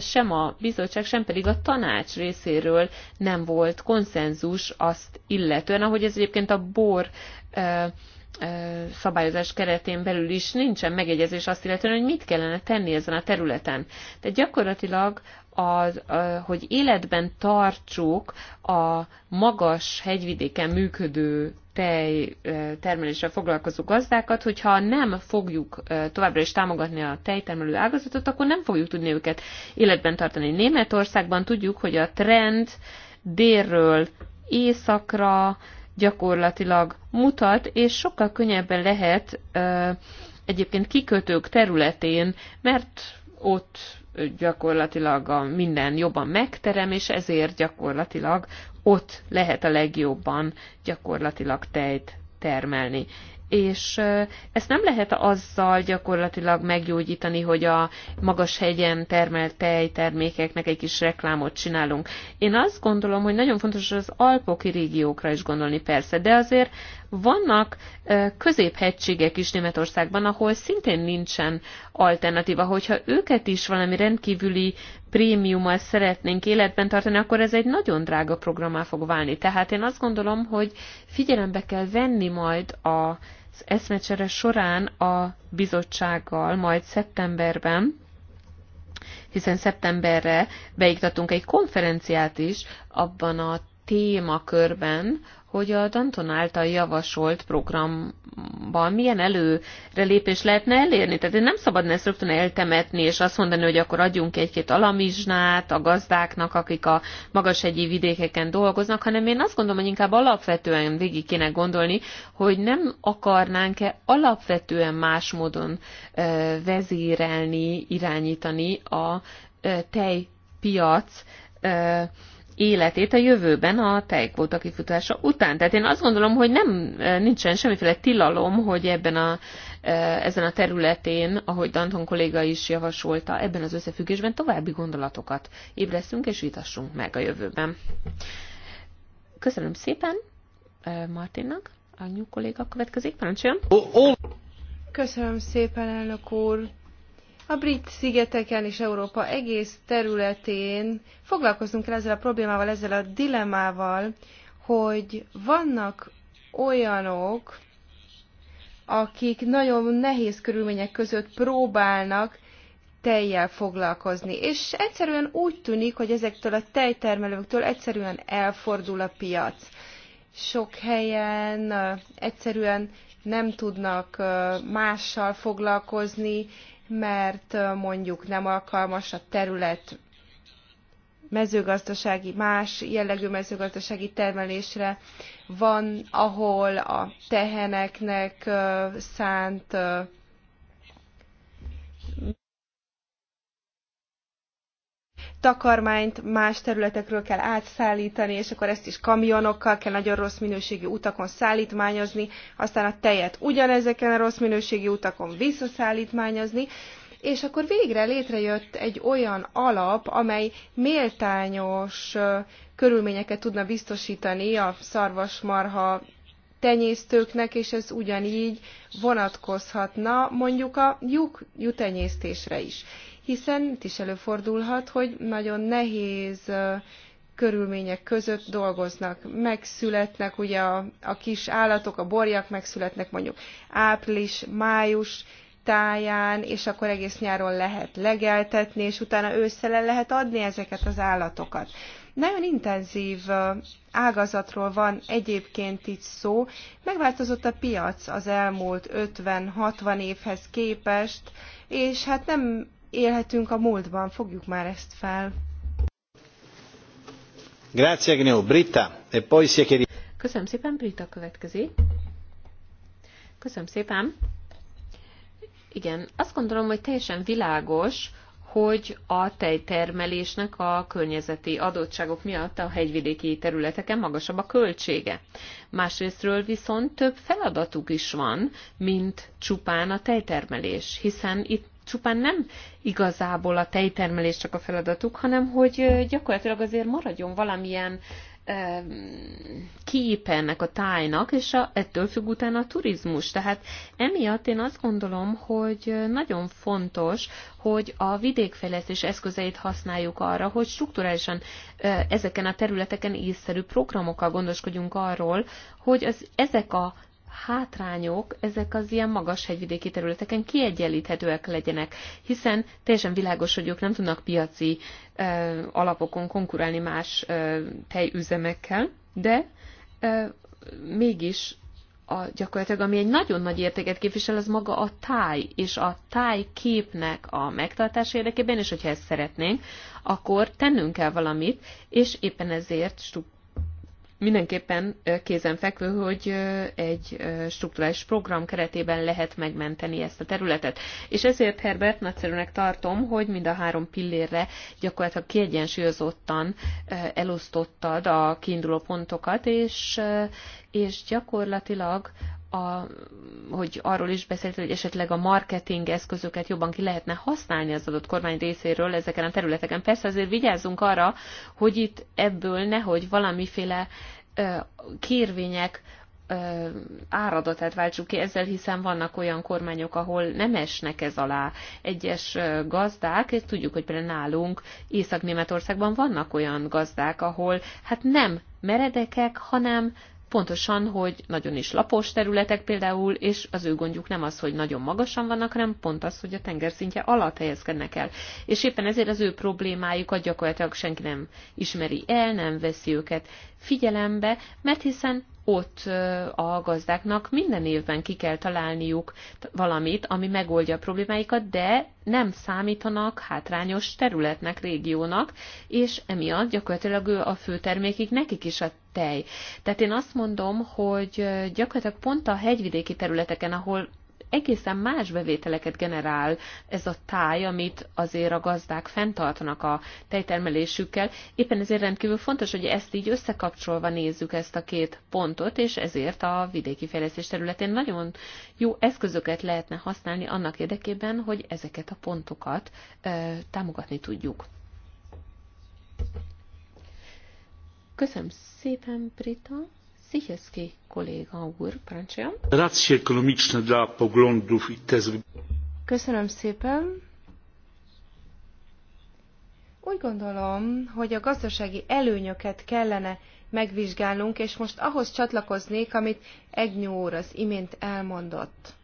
sem a bizottság, sem pedig a tanács részéről nem volt konszenzus azt illetően, ahogy ez egyébként a bor szabályozás keretén belül is nincsen megegyezés azt illetően, hogy mit kellene tenni ezen a területen. Tehát gyakorlatilag az, hogy életben tartsuk a magas hegyvidéken működő tej termeléssel foglalkozó gazdákat, hogyha nem fogjuk továbbra is támogatni a tejtermelő ágazatot, akkor nem fogjuk tudni őket életben tartani. Németországban tudjuk, hogy a trend délről északra, gyakorlatilag mutat, és sokkal könnyebben lehet egyébként kikötők területén, mert ott gyakorlatilag a minden jobban megterem, és ezért gyakorlatilag ott lehet a legjobban gyakorlatilag tejt termelni és ezt nem lehet azzal gyakorlatilag meggyógyítani, hogy a magas hegyen termelt tejtermékeknek egy kis reklámot csinálunk. Én azt gondolom, hogy nagyon fontos az alpoki régiókra is gondolni persze, de azért vannak középhegységek is Németországban, ahol szintén nincsen alternatíva. Hogyha őket is valami rendkívüli prémiummal szeretnénk életben tartani, akkor ez egy nagyon drága programmá fog válni. Tehát én azt gondolom, hogy figyelembe kell venni majd a eszmecsere során a bizottsággal majd szeptemberben, hiszen szeptemberre beiktatunk egy konferenciát is abban a témakörben, hogy a Danton által javasolt programban milyen előrelépés lehetne elérni. Tehát nem szabadna ezt rögtön eltemetni, és azt mondani, hogy akkor adjunk egy-két alamizsnát a gazdáknak, akik a egyi vidékeken dolgoznak, hanem én azt gondolom, hogy inkább alapvetően végig kéne gondolni, hogy nem akarnánk-e alapvetően más módon vezérelni, irányítani a tejpiac életét a jövőben a tejkvóta kifutása után. Tehát én azt gondolom, hogy nem eh, nincsen semmiféle tilalom, hogy ebben a, eh, ezen a területén, ahogy Danton kolléga is javasolta, ebben az összefüggésben további gondolatokat ébresztünk és vitassunk meg a jövőben. Köszönöm szépen eh, Martinnak. Anyu kolléga következik, parancsoljon. Köszönöm szépen, elnök úr a brit szigeteken és Európa egész területén foglalkozunk el ezzel a problémával, ezzel a dilemával, hogy vannak olyanok, akik nagyon nehéz körülmények között próbálnak tejjel foglalkozni. És egyszerűen úgy tűnik, hogy ezektől a tejtermelőktől egyszerűen elfordul a piac. Sok helyen egyszerűen nem tudnak mással foglalkozni, mert mondjuk nem alkalmas a terület mezőgazdasági, más jellegű mezőgazdasági termelésre. Van, ahol a teheneknek szánt takarmányt más területekről kell átszállítani, és akkor ezt is kamionokkal kell nagyon rossz minőségű utakon szállítmányozni, aztán a tejet ugyanezeken a rossz minőségű utakon visszaszállítmányozni, és akkor végre létrejött egy olyan alap, amely méltányos körülményeket tudna biztosítani a szarvasmarha tenyésztőknek, és ez ugyanígy vonatkozhatna mondjuk a lyuk jutenyésztésre is hiszen itt is előfordulhat, hogy nagyon nehéz körülmények között dolgoznak. Megszületnek ugye a, a kis állatok, a borjak megszületnek mondjuk április, május táján, és akkor egész nyáron lehet legeltetni, és utána ősszel lehet adni ezeket az állatokat. Nagyon intenzív ágazatról van egyébként itt szó. Megváltozott a piac az elmúlt 50-60 évhez képest, és hát nem élhetünk a múltban, fogjuk már ezt fel. Grazie, Gneu. Brita, e poi si Köszönöm szépen, Brita következő. Köszönöm szépen. Igen, azt gondolom, hogy teljesen világos, hogy a tejtermelésnek a környezeti adottságok miatt a hegyvidéki területeken magasabb a költsége. Másrésztről viszont több feladatuk is van, mint csupán a tejtermelés, hiszen itt csupán nem igazából a tejtermelés csak a feladatuk, hanem hogy gyakorlatilag azért maradjon valamilyen képe ennek a tájnak, és a, ettől függ utána a turizmus. Tehát emiatt én azt gondolom, hogy nagyon fontos, hogy a vidékfejlesztés eszközeit használjuk arra, hogy strukturálisan ezeken a területeken észszerű programokkal gondoskodjunk arról, hogy az, ezek a hátrányok ezek az ilyen magas hegyvidéki területeken kiegyenlíthetőek legyenek, hiszen teljesen világos, hogy ők nem tudnak piaci ö, alapokon konkurálni más ö, tejüzemekkel, de ö, mégis a, gyakorlatilag, ami egy nagyon nagy értéket képvisel, az maga a táj, és a táj képnek a megtartása érdekében, és hogyha ezt szeretnénk, akkor tennünk kell valamit, és éppen ezért mindenképpen kézenfekvő, hogy egy struktúrális program keretében lehet megmenteni ezt a területet. És ezért Herbert nagyszerűnek tartom, hogy mind a három pillérre gyakorlatilag kiegyensúlyozottan elosztottad a kiinduló pontokat, és, és gyakorlatilag a, hogy arról is beszélt, hogy esetleg a marketing eszközöket jobban ki lehetne használni az adott kormány részéről ezeken a területeken. Persze azért vigyázzunk arra, hogy itt ebből nehogy valamiféle ö, kérvények ö, áradatát váltsuk ki ezzel, hiszen vannak olyan kormányok, ahol nem esnek ez alá egyes gazdák, és tudjuk, hogy például nálunk Észak-Németországban vannak olyan gazdák, ahol hát nem meredekek, hanem pontosan, hogy nagyon is lapos területek például, és az ő gondjuk nem az, hogy nagyon magasan vannak, hanem pont az, hogy a tengerszintje alatt helyezkednek el. És éppen ezért az ő problémájukat gyakorlatilag senki nem ismeri el, nem veszi őket figyelembe, mert hiszen ott a gazdáknak minden évben ki kell találniuk valamit, ami megoldja a problémáikat, de nem számítanak hátrányos területnek, régiónak, és emiatt gyakorlatilag ő a fő termékig nekik is a tej. Tehát én azt mondom, hogy gyakorlatilag pont a hegyvidéki területeken, ahol egészen más bevételeket generál ez a táj, amit azért a gazdák fenntartanak a tejtermelésükkel. Éppen ezért rendkívül fontos, hogy ezt így összekapcsolva nézzük ezt a két pontot, és ezért a vidéki fejlesztés területén nagyon jó eszközöket lehetne használni annak érdekében, hogy ezeket a pontokat ö, támogatni tudjuk. Köszönöm szépen, Brita. Szicheszki kolléga úr, parancsoljon. Racje ekonomiczne dla poglądów i tez. Köszönöm szépen. Úgy gondolom, hogy a gazdasági előnyöket kellene megvizsgálnunk, és most ahhoz csatlakoznék, amit Egnyó úr az imént elmondott.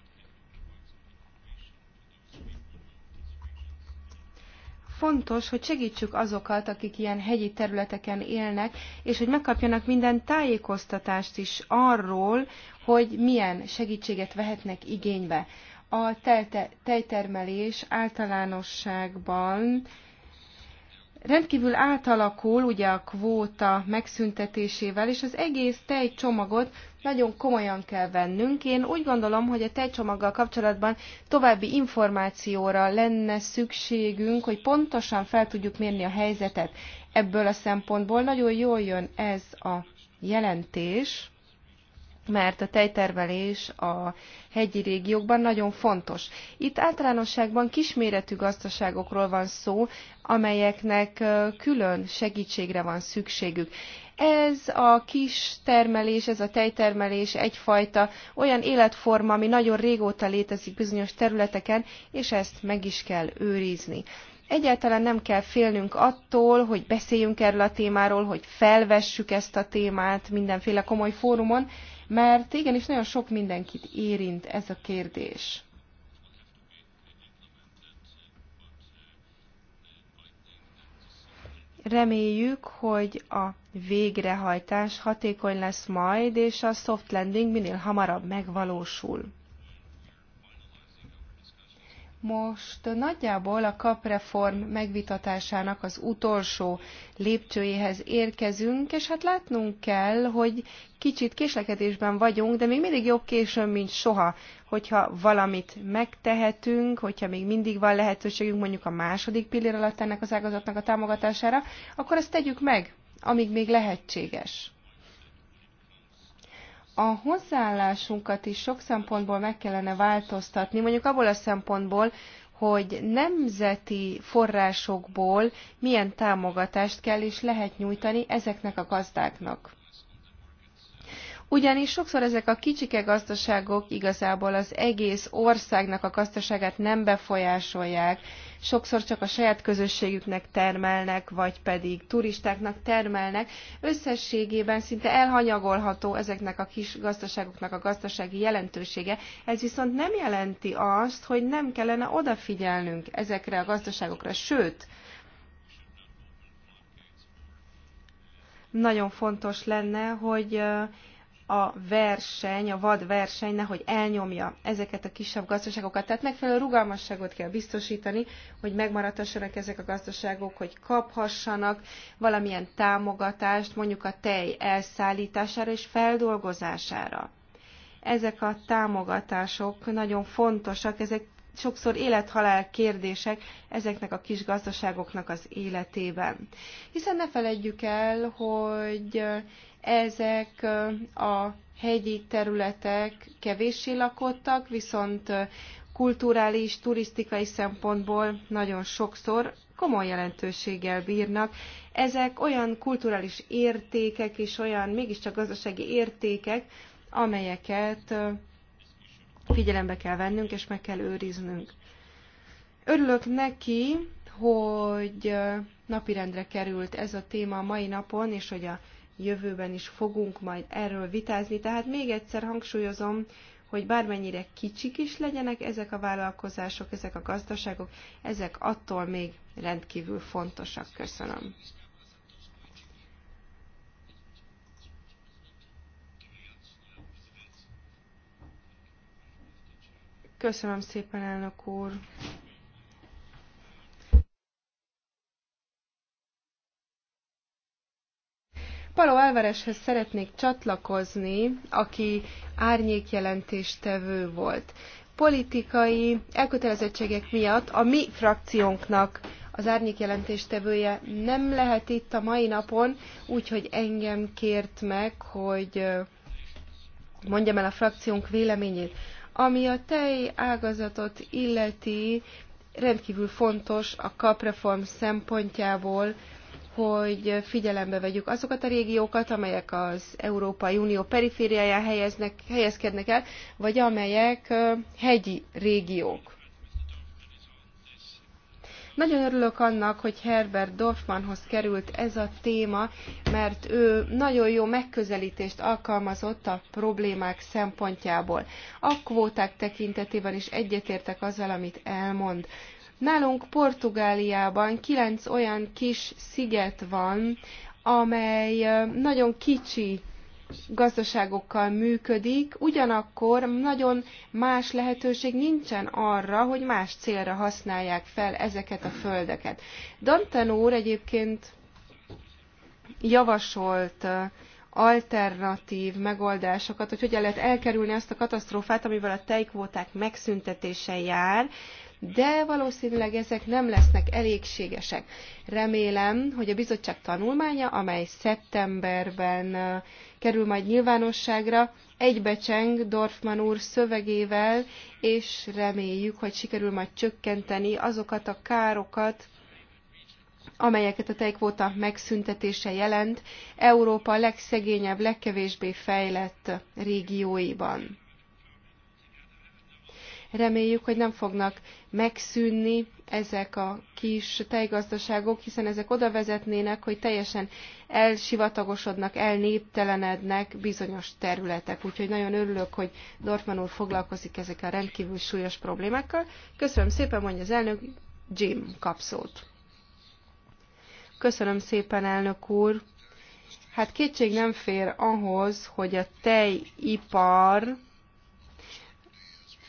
fontos, hogy segítsük azokat, akik ilyen hegyi területeken élnek, és hogy megkapjanak minden tájékoztatást is arról, hogy milyen segítséget vehetnek igénybe. A tejtermelés általánosságban rendkívül átalakul ugye a kvóta megszüntetésével, és az egész tejcsomagot nagyon komolyan kell vennünk. Én úgy gondolom, hogy a tejcsomaggal kapcsolatban további információra lenne szükségünk, hogy pontosan fel tudjuk mérni a helyzetet. Ebből a szempontból nagyon jól jön ez a jelentés mert a tejtervelés a hegyi régiókban nagyon fontos. Itt általánosságban kisméretű gazdaságokról van szó, amelyeknek külön segítségre van szükségük. Ez a kis termelés, ez a tejtermelés egyfajta olyan életforma, ami nagyon régóta létezik bizonyos területeken, és ezt meg is kell őrizni egyáltalán nem kell félnünk attól, hogy beszéljünk erről a témáról, hogy felvessük ezt a témát mindenféle komoly fórumon, mert igenis nagyon sok mindenkit érint ez a kérdés. Reméljük, hogy a végrehajtás hatékony lesz majd, és a soft landing minél hamarabb megvalósul. Most nagyjából a kapreform megvitatásának az utolsó lépcsőjéhez érkezünk, és hát látnunk kell, hogy kicsit késlekedésben vagyunk, de még mindig jobb későn, mint soha, hogyha valamit megtehetünk, hogyha még mindig van lehetőségünk mondjuk a második pillér alatt ennek az ágazatnak a támogatására, akkor ezt tegyük meg, amíg még lehetséges a hozzáállásunkat is sok szempontból meg kellene változtatni, mondjuk abból a szempontból, hogy nemzeti forrásokból milyen támogatást kell és lehet nyújtani ezeknek a gazdáknak. Ugyanis sokszor ezek a kicsike gazdaságok igazából az egész országnak a gazdaságát nem befolyásolják, sokszor csak a saját közösségüknek termelnek, vagy pedig turistáknak termelnek. Összességében szinte elhanyagolható ezeknek a kis gazdaságoknak a gazdasági jelentősége. Ez viszont nem jelenti azt, hogy nem kellene odafigyelnünk ezekre a gazdaságokra, sőt, nagyon fontos lenne, hogy a verseny, a vad verseny nehogy elnyomja ezeket a kisebb gazdaságokat. Tehát megfelelő rugalmasságot kell biztosítani, hogy megmaradhassanak ezek a gazdaságok, hogy kaphassanak valamilyen támogatást, mondjuk a tej elszállítására és feldolgozására. Ezek a támogatások nagyon fontosak, ezek sokszor élethalál kérdések ezeknek a kis gazdaságoknak az életében. Hiszen ne feledjük el, hogy ezek a hegyi területek kevéssé lakottak, viszont kulturális, turisztikai szempontból nagyon sokszor komoly jelentőséggel bírnak. Ezek olyan kulturális értékek és olyan mégiscsak gazdasági értékek, amelyeket figyelembe kell vennünk és meg kell őriznünk. Örülök neki, hogy napirendre került ez a téma a mai napon, és hogy a jövőben is fogunk majd erről vitázni. Tehát még egyszer hangsúlyozom, hogy bármennyire kicsik is legyenek ezek a vállalkozások, ezek a gazdaságok, ezek attól még rendkívül fontosak. Köszönöm. Köszönöm szépen, elnök úr! Paló Álvareshez szeretnék csatlakozni, aki árnyékjelentéstevő volt. Politikai elkötelezettségek miatt a mi frakciónknak az árnyékjelentéstevője nem lehet itt a mai napon, úgyhogy engem kért meg, hogy mondjam el a frakciónk véleményét. Ami a tej ágazatot illeti, rendkívül fontos a kapreform szempontjából, hogy figyelembe vegyük azokat a régiókat, amelyek az Európai Unió perifériáján helyeznek, helyezkednek el, vagy amelyek hegyi régiók. Nagyon örülök annak, hogy Herbert Dorfmanhoz került ez a téma, mert ő nagyon jó megközelítést alkalmazott a problémák szempontjából. A kvóták tekintetében is egyetértek azzal, amit elmond. Nálunk Portugáliában kilenc olyan kis sziget van, amely nagyon kicsi gazdaságokkal működik, ugyanakkor nagyon más lehetőség nincsen arra, hogy más célra használják fel ezeket a földeket. Danten úr egyébként javasolt alternatív megoldásokat, hogy hogyan lehet elkerülni azt a katasztrófát, amivel a tejkvóták megszüntetése jár, de valószínűleg ezek nem lesznek elégségesek. Remélem, hogy a bizottság tanulmánya, amely szeptemberben kerül majd nyilvánosságra, egybecseng Dorfman úr szövegével, és reméljük, hogy sikerül majd csökkenteni azokat a károkat, amelyeket a tejkvóta megszüntetése jelent Európa legszegényebb, legkevésbé fejlett régióiban. Reméljük, hogy nem fognak megszűnni ezek a kis tejgazdaságok, hiszen ezek oda vezetnének, hogy teljesen elsivatagosodnak, elnéptelenednek bizonyos területek. Úgyhogy nagyon örülök, hogy Dortmund úr foglalkozik ezekkel a rendkívül súlyos problémákkal. Köszönöm szépen, mondja az elnök, Jim kapszót. Köszönöm szépen, elnök úr. Hát kétség nem fér ahhoz, hogy a tejipar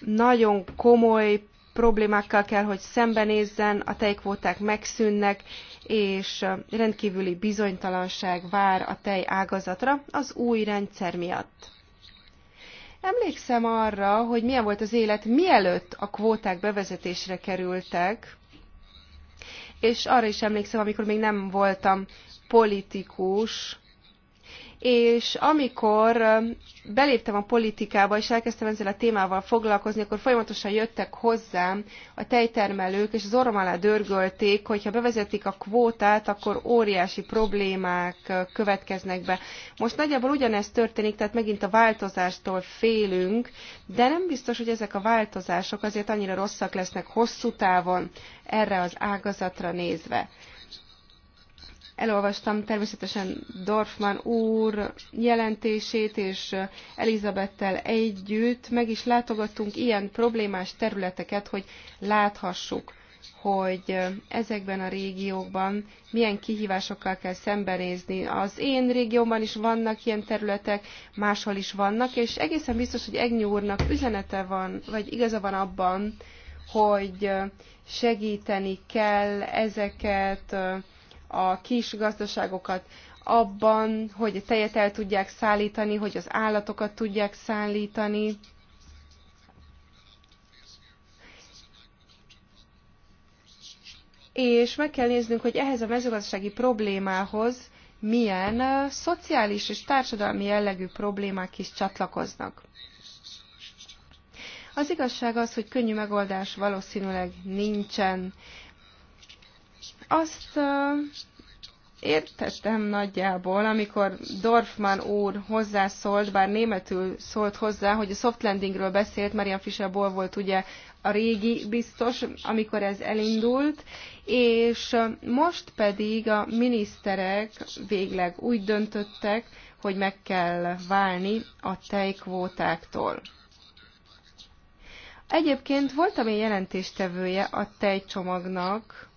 nagyon komoly problémákkal kell, hogy szembenézzen, a tejkvóták megszűnnek, és rendkívüli bizonytalanság vár a tej ágazatra az új rendszer miatt. Emlékszem arra, hogy milyen volt az élet mielőtt a kvóták bevezetésre kerültek, és arra is emlékszem, amikor még nem voltam politikus, és amikor beléptem a politikába, és elkezdtem ezzel a témával foglalkozni, akkor folyamatosan jöttek hozzám a tejtermelők, és az orrom alá dörgölték, hogyha bevezetik a kvótát, akkor óriási problémák következnek be. Most nagyjából ugyanezt történik, tehát megint a változástól félünk, de nem biztos, hogy ezek a változások azért annyira rosszak lesznek hosszú távon erre az ágazatra nézve. Elolvastam természetesen Dorfman úr jelentését, és Elizabettel együtt meg is látogattunk ilyen problémás területeket, hogy láthassuk, hogy ezekben a régiókban milyen kihívásokkal kell szembenézni. Az én régiómban is vannak ilyen területek, máshol is vannak, és egészen biztos, hogy Egnyi úrnak üzenete van, vagy igaza van abban, hogy segíteni kell ezeket a kis gazdaságokat abban, hogy a tejet el tudják szállítani, hogy az állatokat tudják szállítani. És meg kell néznünk, hogy ehhez a mezőgazdasági problémához milyen szociális és társadalmi jellegű problémák is csatlakoznak. Az igazság az, hogy könnyű megoldás valószínűleg nincsen, azt értettem nagyjából, amikor Dorfman úr hozzászólt, bár németül szólt hozzá, hogy a soft landingről beszélt, Marian Fischerból volt ugye a régi biztos, amikor ez elindult, és most pedig a miniszterek végleg úgy döntöttek, hogy meg kell válni a tejkvótáktól. Egyébként voltam én jelentéstevője a tejcsomagnak,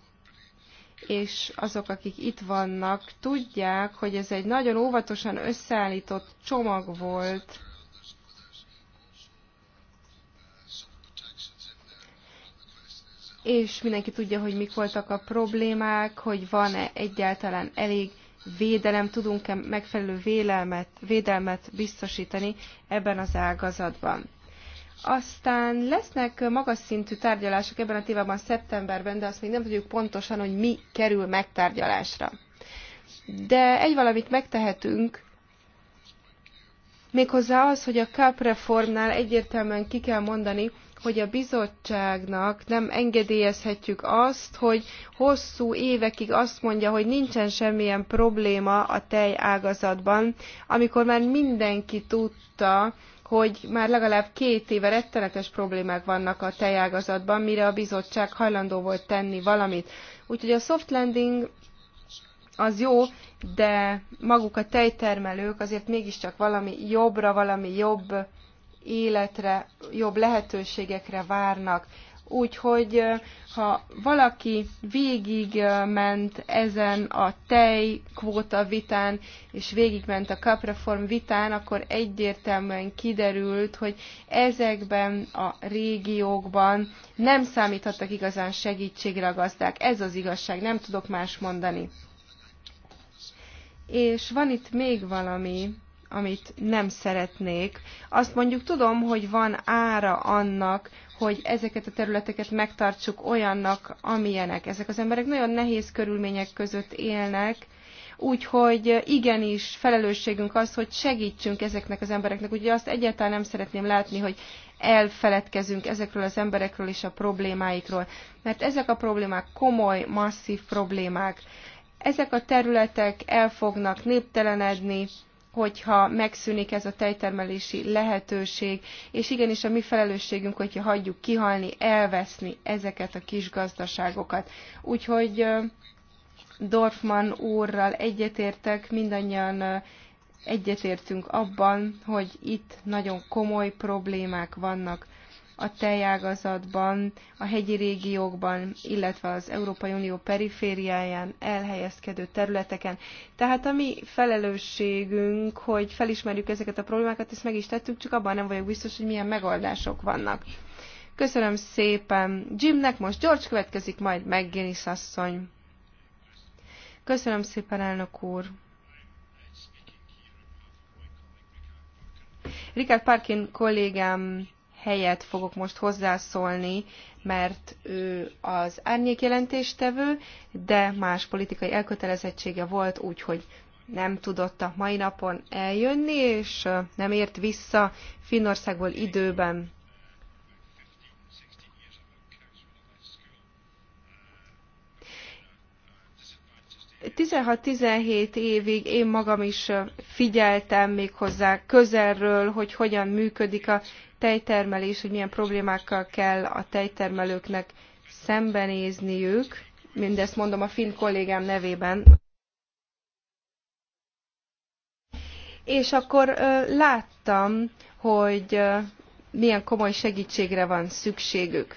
és azok, akik itt vannak, tudják, hogy ez egy nagyon óvatosan összeállított csomag volt. És mindenki tudja, hogy mik voltak a problémák, hogy van-e egyáltalán elég védelem, tudunk-e megfelelő vélelmet, védelmet biztosítani ebben az ágazatban. Aztán lesznek magas szintű tárgyalások ebben a témában szeptemberben, de azt még nem tudjuk pontosan, hogy mi kerül megtárgyalásra. De egy valamit megtehetünk, méghozzá az, hogy a CAP reformnál egyértelműen ki kell mondani, hogy a bizottságnak nem engedélyezhetjük azt, hogy hosszú évekig azt mondja, hogy nincsen semmilyen probléma a tej ágazatban, amikor már mindenki tudta, hogy már legalább két éve rettenetes problémák vannak a tejágazatban, mire a bizottság hajlandó volt tenni valamit. Úgyhogy a soft landing az jó, de maguk a tejtermelők azért mégiscsak valami jobbra, valami jobb életre, jobb lehetőségekre várnak. Úgyhogy ha valaki végigment ezen a kvóta vitán, és végigment a kapreform vitán, akkor egyértelműen kiderült, hogy ezekben a régiókban nem számíthattak igazán segítségre a gazdák. Ez az igazság, nem tudok más mondani. És van itt még valami, amit nem szeretnék. Azt mondjuk tudom, hogy van ára annak, hogy ezeket a területeket megtartsuk olyannak, amilyenek. Ezek az emberek nagyon nehéz körülmények között élnek, Úgyhogy igenis felelősségünk az, hogy segítsünk ezeknek az embereknek. Ugye azt egyáltalán nem szeretném látni, hogy elfeledkezünk ezekről az emberekről és a problémáikról. Mert ezek a problémák komoly, masszív problémák. Ezek a területek el fognak néptelenedni, hogyha megszűnik ez a tejtermelési lehetőség, és igenis a mi felelősségünk, hogyha hagyjuk kihalni, elveszni ezeket a kis gazdaságokat. Úgyhogy Dorfman úrral egyetértek, mindannyian egyetértünk abban, hogy itt nagyon komoly problémák vannak a tejágazatban, a hegyi régiókban, illetve az Európai Unió perifériáján elhelyezkedő területeken. Tehát a mi felelősségünk, hogy felismerjük ezeket a problémákat, ezt meg is tettük, csak abban nem vagyok biztos, hogy milyen megoldások vannak. Köszönöm szépen Jimnek, most George következik, majd McGinnis asszony. Köszönöm szépen, elnök úr! Richard Parkin kollégám helyett fogok most hozzászólni, mert ő az árnyék jelentéstevő, de más politikai elkötelezettsége volt, úgyhogy nem tudott a mai napon eljönni, és nem ért vissza Finnországból időben. 16-17 évig én magam is figyeltem még hozzá közelről, hogy hogyan működik a tejtermelés, hogy milyen problémákkal kell a tejtermelőknek szembenézniük. Mindezt mondom a finn kollégám nevében. És akkor láttam, hogy milyen komoly segítségre van szükségük.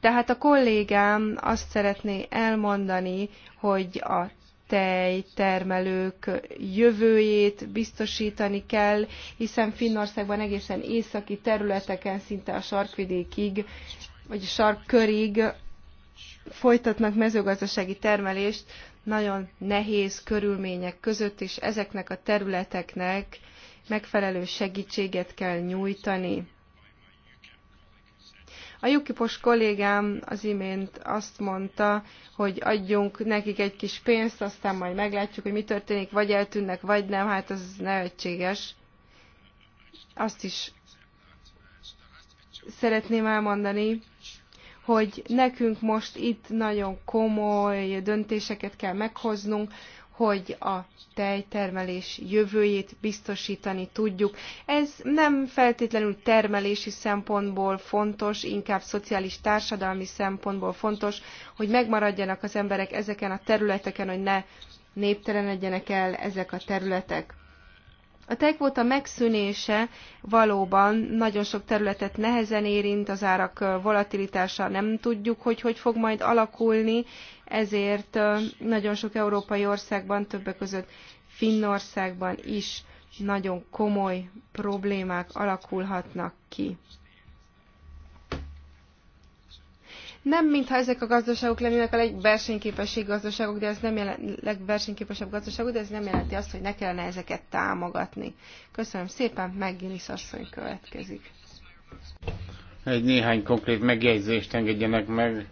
Tehát a kollégám azt szeretné elmondani, hogy a tejtermelők jövőjét biztosítani kell, hiszen Finnországban egészen északi területeken szinte a sarkvidékig, vagy a sarkkörig folytatnak mezőgazdasági termelést nagyon nehéz körülmények között, és ezeknek a területeknek megfelelő segítséget kell nyújtani. A Jukipos kollégám az imént azt mondta, hogy adjunk nekik egy kis pénzt, aztán majd meglátjuk, hogy mi történik, vagy eltűnnek, vagy nem, hát az nevetséges. Azt is szeretném elmondani, hogy nekünk most itt nagyon komoly döntéseket kell meghoznunk, hogy a tejtermelés jövőjét biztosítani tudjuk. Ez nem feltétlenül termelési szempontból fontos, inkább szociális társadalmi szempontból fontos, hogy megmaradjanak az emberek ezeken a területeken, hogy ne néptelenedjenek el ezek a területek. A tejkvóta megszűnése valóban nagyon sok területet nehezen érint, az árak volatilitása nem tudjuk, hogy hogy fog majd alakulni, ezért nagyon sok európai országban, többek között Finnországban is nagyon komoly problémák alakulhatnak ki. Nem mintha ezek a gazdaságok lennének a legversenyképesség gazdaságok, de ez nem jelent, legversenyképesebb gazdaságok, de ez nem jelenti azt, hogy ne kellene ezeket támogatni. Köszönöm szépen, Megginis asszony következik. Egy néhány konkrét megjegyzést engedjenek meg.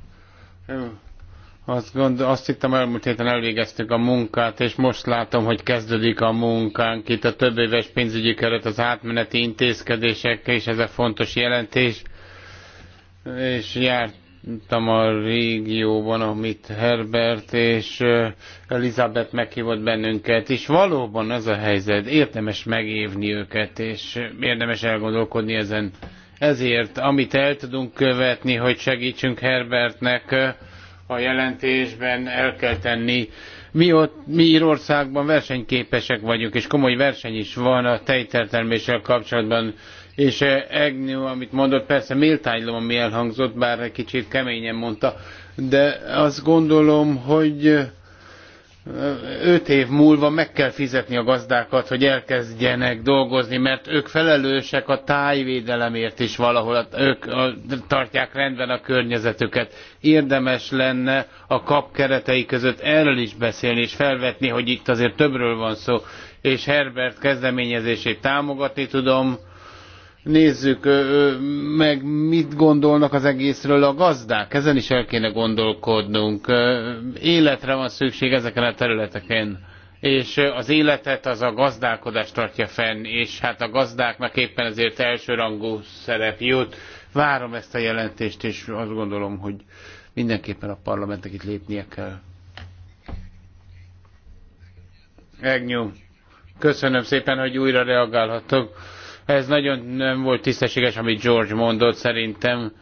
Azt, gond, azt hittem elmúlt héten elvégeztük a munkát, és most látom, hogy kezdődik a munkánk. Itt a több éves pénzügyi keret, az átmeneti intézkedések, és ez a fontos jelentés. És járt jártam a régióban, amit Herbert és Elizabeth meghívott bennünket, és valóban ez a helyzet, érdemes megévni őket, és érdemes elgondolkodni ezen. Ezért, amit el tudunk követni, hogy segítsünk Herbertnek a jelentésben, el kell tenni. Mi, ott, mi Írországban versenyképesek vagyunk, és komoly verseny is van a tejtertelméssel kapcsolatban és Egnő, eh, amit mondott, persze méltánylom, ami elhangzott, bár egy kicsit keményen mondta, de azt gondolom, hogy eh, öt év múlva meg kell fizetni a gazdákat, hogy elkezdjenek dolgozni, mert ők felelősek a tájvédelemért is valahol, hát ők tartják rendben a környezetüket. Érdemes lenne a kap keretei között erről is beszélni, és felvetni, hogy itt azért többről van szó, és Herbert kezdeményezését támogatni tudom, nézzük meg, mit gondolnak az egészről a gazdák. Ezen is el kéne gondolkodnunk. Életre van szükség ezeken a területeken. És az életet az a gazdálkodás tartja fenn, és hát a gazdáknak éppen ezért elsőrangú szerep jut. Várom ezt a jelentést, és azt gondolom, hogy mindenképpen a parlamentnek itt lépnie kell. Egnyú, köszönöm szépen, hogy újra reagálhatok ez nagyon nem volt tisztességes, amit George mondott szerintem.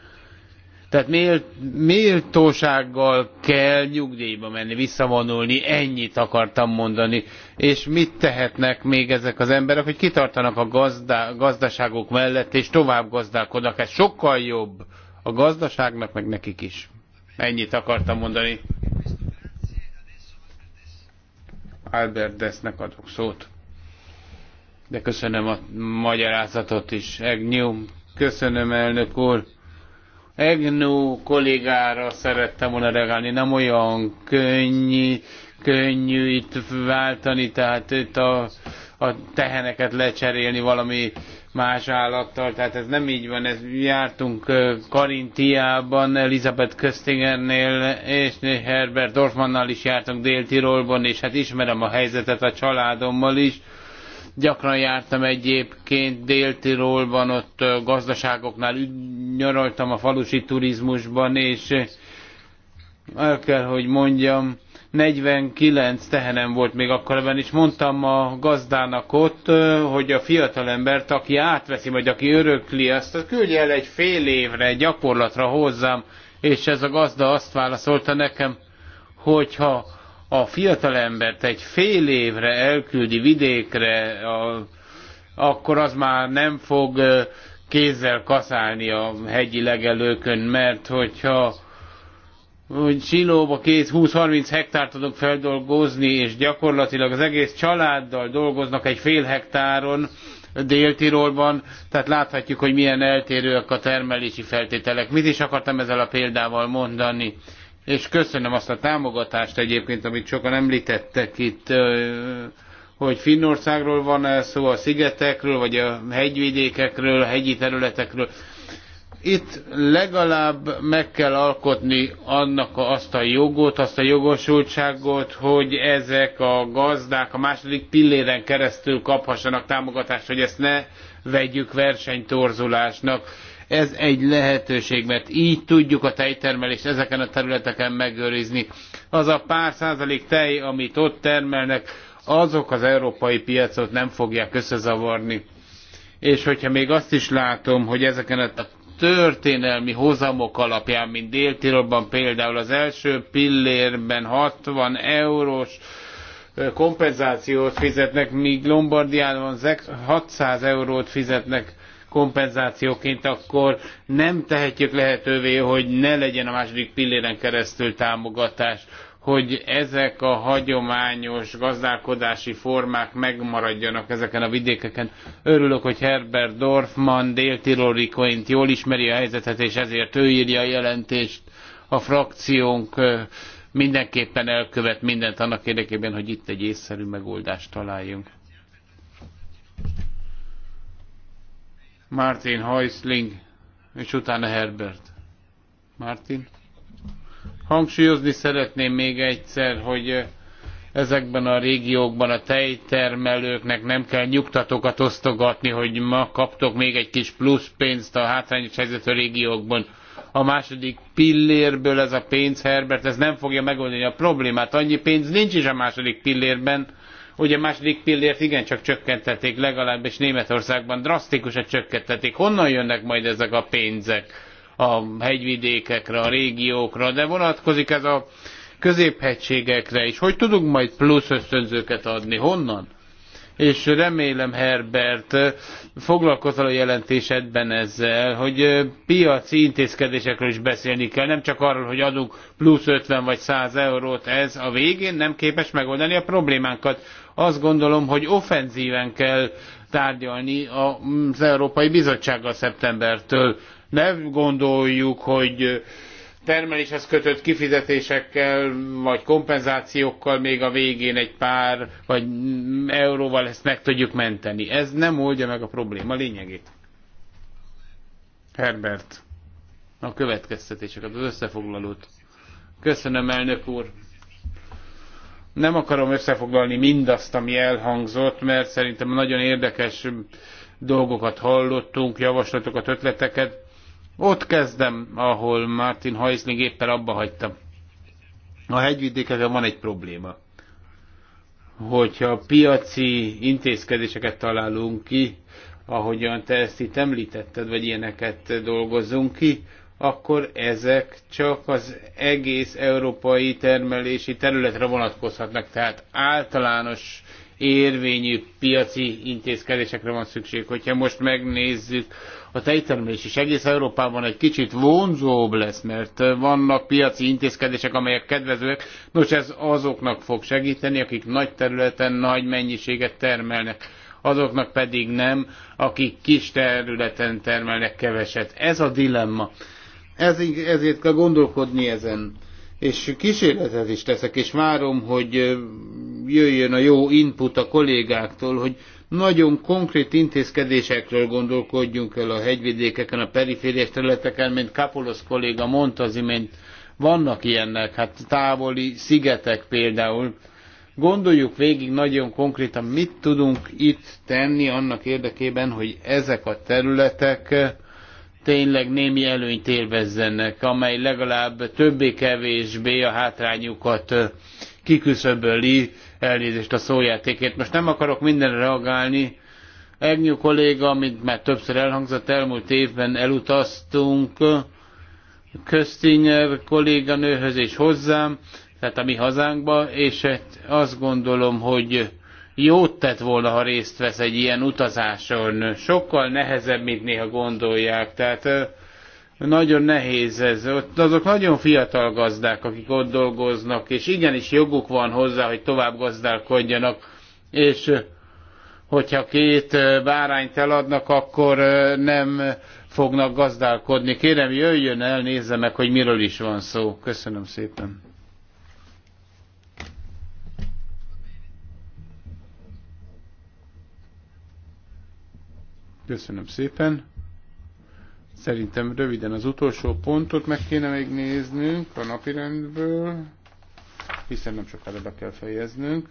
Tehát mélt, méltósággal kell nyugdíjba menni, visszavonulni, ennyit akartam mondani. És mit tehetnek még ezek az emberek, hogy kitartanak a gazdá, gazdaságok mellett, és tovább gazdálkodnak. Ez sokkal jobb a gazdaságnak, meg nekik is. Ennyit akartam mondani. Albert Desznek adok szót de köszönöm a magyarázatot is. Egnyú, köszönöm elnök úr. Egnó kollégára szerettem volna reagálni, nem olyan könnyű, könnyű itt váltani, tehát itt a, a teheneket lecserélni valami más állattal, tehát ez nem így van, ez, jártunk Karintiában, Elizabeth Köstingernél, és Herbert Dorfmannal is jártunk Dél-Tirolban, és hát ismerem a helyzetet a családommal is, Gyakran jártam egyébként Dél-Tirolban, ott gazdaságoknál nyaraltam a falusi turizmusban, és el kell, hogy mondjam, 49 tehenem volt még akkor ebben, és mondtam a gazdának ott, hogy a fiatalembert, aki átveszi, vagy aki örökli, azt küldje el egy fél évre gyakorlatra hozzám, és ez a gazda azt válaszolta nekem, hogyha a fiatalembert egy fél évre elküldi vidékre, a, akkor az már nem fog kézzel kaszálni a hegyi legelőkön, mert hogyha hogy Silóba két 20-30 hektárt tudok feldolgozni, és gyakorlatilag az egész családdal dolgoznak egy fél hektáron, Dél-Tirolban, tehát láthatjuk, hogy milyen eltérőek a termelési feltételek. Mit is akartam ezzel a példával mondani? és köszönöm azt a támogatást egyébként, amit sokan említettek itt, hogy Finnországról van -e szó, a szigetekről, vagy a hegyvidékekről, a hegyi területekről. Itt legalább meg kell alkotni annak azt a jogot, azt a jogosultságot, hogy ezek a gazdák a második pilléren keresztül kaphassanak támogatást, hogy ezt ne vegyük versenytorzulásnak ez egy lehetőség, mert így tudjuk a tejtermelést ezeken a területeken megőrizni. Az a pár százalék tej, amit ott termelnek, azok az európai piacot nem fogják összezavarni. És hogyha még azt is látom, hogy ezeken a történelmi hozamok alapján, mint Dél-Tirolban például az első pillérben 60 eurós eh, kompenzációt fizetnek, míg Lombardiában 600 eurót fizetnek kompenzációként, akkor nem tehetjük lehetővé, hogy ne legyen a második pilléren keresztül támogatás, hogy ezek a hagyományos gazdálkodási formák megmaradjanak ezeken a vidékeken. Örülök, hogy Herbert Dorfman déltirolikoint jól ismeri a helyzetet, és ezért ő írja a jelentést. A frakciónk mindenképpen elkövet mindent annak érdekében, hogy itt egy észszerű megoldást találjunk. Martin Heusling, és utána Herbert. Martin? Hangsúlyozni szeretném még egyszer, hogy ezekben a régiókban a tejtermelőknek nem kell nyugtatókat osztogatni, hogy ma kaptok még egy kis plusz pénzt a hátrányos helyzetű régiókban. A második pillérből ez a pénz, Herbert, ez nem fogja megoldani a problémát. Annyi pénz nincs is a második pillérben, Ugye második pillért igencsak csökkentették, legalábbis Németországban drasztikusan csökkentették. Honnan jönnek majd ezek a pénzek a hegyvidékekre, a régiókra, de vonatkozik ez a középhegységekre is. Hogy tudunk majd plusz ösztönzőket adni? Honnan? és remélem Herbert foglalkozol a jelentésedben ezzel, hogy piaci intézkedésekről is beszélni kell, nem csak arról, hogy adunk plusz 50 vagy 100 eurót, ez a végén nem képes megoldani a problémánkat. Azt gondolom, hogy offenzíven kell tárgyalni az Európai Bizottsággal szeptembertől. Ne gondoljuk, hogy termeléshez kötött kifizetésekkel vagy kompenzációkkal még a végén egy pár vagy euróval ezt meg tudjuk menteni. Ez nem oldja meg a probléma lényegét. Herbert, a következtetéseket, az összefoglalót. Köszönöm, elnök úr. Nem akarom összefoglalni mindazt, ami elhangzott, mert szerintem nagyon érdekes dolgokat hallottunk, javaslatokat, ötleteket. Ott kezdem, ahol Martin Heisling éppen abba hagyta. A hegyvidékeken van egy probléma. Hogyha piaci intézkedéseket találunk ki, ahogyan te ezt itt említetted, vagy ilyeneket dolgozunk ki, akkor ezek csak az egész európai termelési területre vonatkozhatnak. Tehát általános érvényű piaci intézkedésekre van szükség. Hogyha most megnézzük, a tejtermelés is egész Európában egy kicsit vonzóbb lesz, mert vannak piaci intézkedések, amelyek kedvezőek. Nos, ez azoknak fog segíteni, akik nagy területen nagy mennyiséget termelnek azoknak pedig nem, akik kis területen termelnek keveset. Ez a dilemma. Ez, ezért kell gondolkodni ezen. És kísérletet is teszek, és várom, hogy jöjjön a jó input a kollégáktól, hogy nagyon konkrét intézkedésekről gondolkodjunk el a hegyvidékeken, a perifériás területeken, mint Kapolos kolléga mondta az imént, vannak ilyenek, hát távoli szigetek például. Gondoljuk végig nagyon konkrétan, mit tudunk itt tenni annak érdekében, hogy ezek a területek tényleg némi előnyt élvezzenek, amely legalább többé-kevésbé a hátrányukat kiküszöböli elnézést a szójátékért. Most nem akarok mindenre reagálni. Egnyú kolléga, amit már többször elhangzott, elmúlt évben elutaztunk Köztinger kolléganőhöz és hozzám, tehát a mi hazánkba, és hát azt gondolom, hogy jót tett volna, ha részt vesz egy ilyen utazáson. Sokkal nehezebb, mint néha gondolják. Tehát nagyon nehéz ez. Ott azok nagyon fiatal gazdák, akik ott dolgoznak, és igenis joguk van hozzá, hogy tovább gazdálkodjanak. És hogyha két bárányt eladnak, akkor nem fognak gazdálkodni. Kérem, jöjjön el, nézze meg, hogy miről is van szó. Köszönöm szépen. Köszönöm szépen. Szerintem röviden az utolsó pontot meg kéne még néznünk a napirendből, hiszen nem sokára be kell fejeznünk.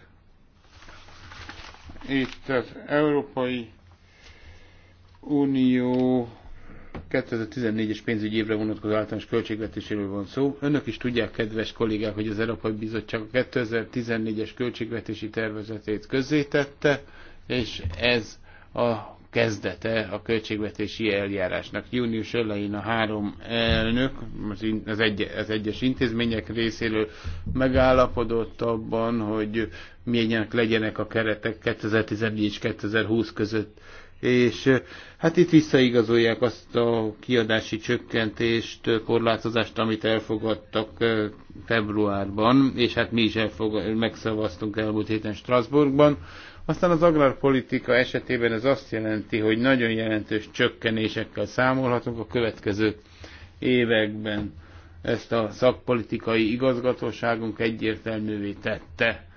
Itt az Európai Unió 2014-es pénzügyi évre vonatkozó általános költségvetéséről van szó. Önök is tudják, kedves kollégák, hogy az Európai Bizottság a 2014-es költségvetési tervezetét közzétette, és ez a kezdete a költségvetési eljárásnak. Június elején a három elnök az, egy, az egyes intézmények részéről megállapodott abban, hogy milyenek legyenek a keretek 2014 és 2020 között. És hát itt visszaigazolják azt a kiadási csökkentést, korlátozást, amit elfogadtak februárban, és hát mi is elfogad, megszavaztunk elmúlt héten Strasbourgban aztán az agrárpolitika esetében ez azt jelenti, hogy nagyon jelentős csökkenésekkel számolhatunk a következő években. Ezt a szakpolitikai igazgatóságunk egyértelművé tette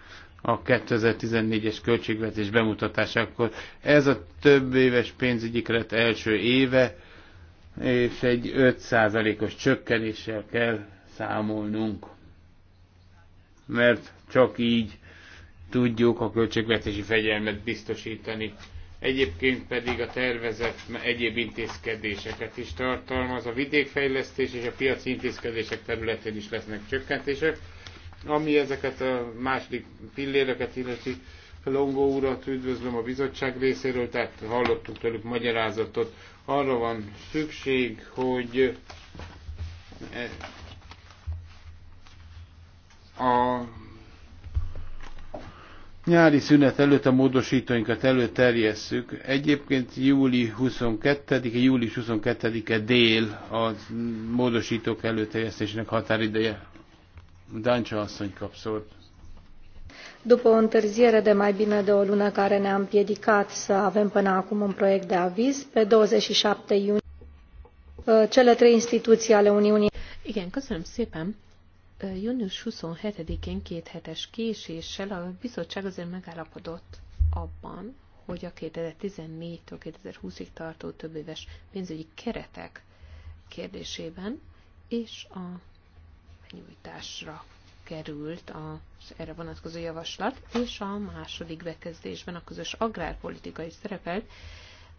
a 2014-es költségvetés bemutatásakor. Ez a több éves pénzügyi keret első éve, és egy 5%-os csökkenéssel kell számolnunk. Mert csak így tudjuk a költségvetési fegyelmet biztosítani. Egyébként pedig a tervezet egyéb intézkedéseket is tartalmaz. A vidékfejlesztés és a piaci intézkedések területén is lesznek csökkentések. Ami ezeket a második pilléreket illeti, Longó urat üdvözlöm a bizottság részéről, tehát hallottuk tőlük magyarázatot. Arra van szükség, hogy e, a nyári szünet előtt a módosítóinkat előterjesszük. Egyébként júli 22-e, július 22-e dél a módosítók előterjesztésének határideje. Dáncsa asszony kap szót. După o întârziere de mai bine de o lună care ne-a împiedicat să avem până acum un proiect de aviz, pe 27 iunie cele trei instituții ale Uniunii. Igen, köszönöm szépen június 27-én két hetes késéssel a bizottság azért megállapodott abban, hogy a 2014-től 2020-ig tartó több éves pénzügyi keretek kérdésében és a nyújtásra került az erre vonatkozó javaslat, és a második bekezdésben a közös agrárpolitika is szerepelt,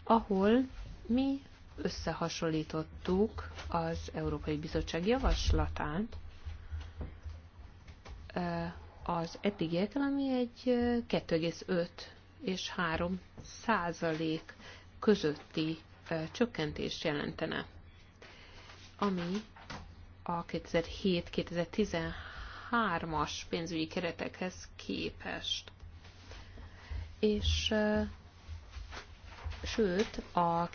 ahol mi összehasonlítottuk az Európai Bizottság javaslatát az eddigiekkel, ami egy 2,5 és 3 százalék közötti csökkentést jelentene, ami a 2007-2013-as pénzügyi keretekhez képest. És sőt, a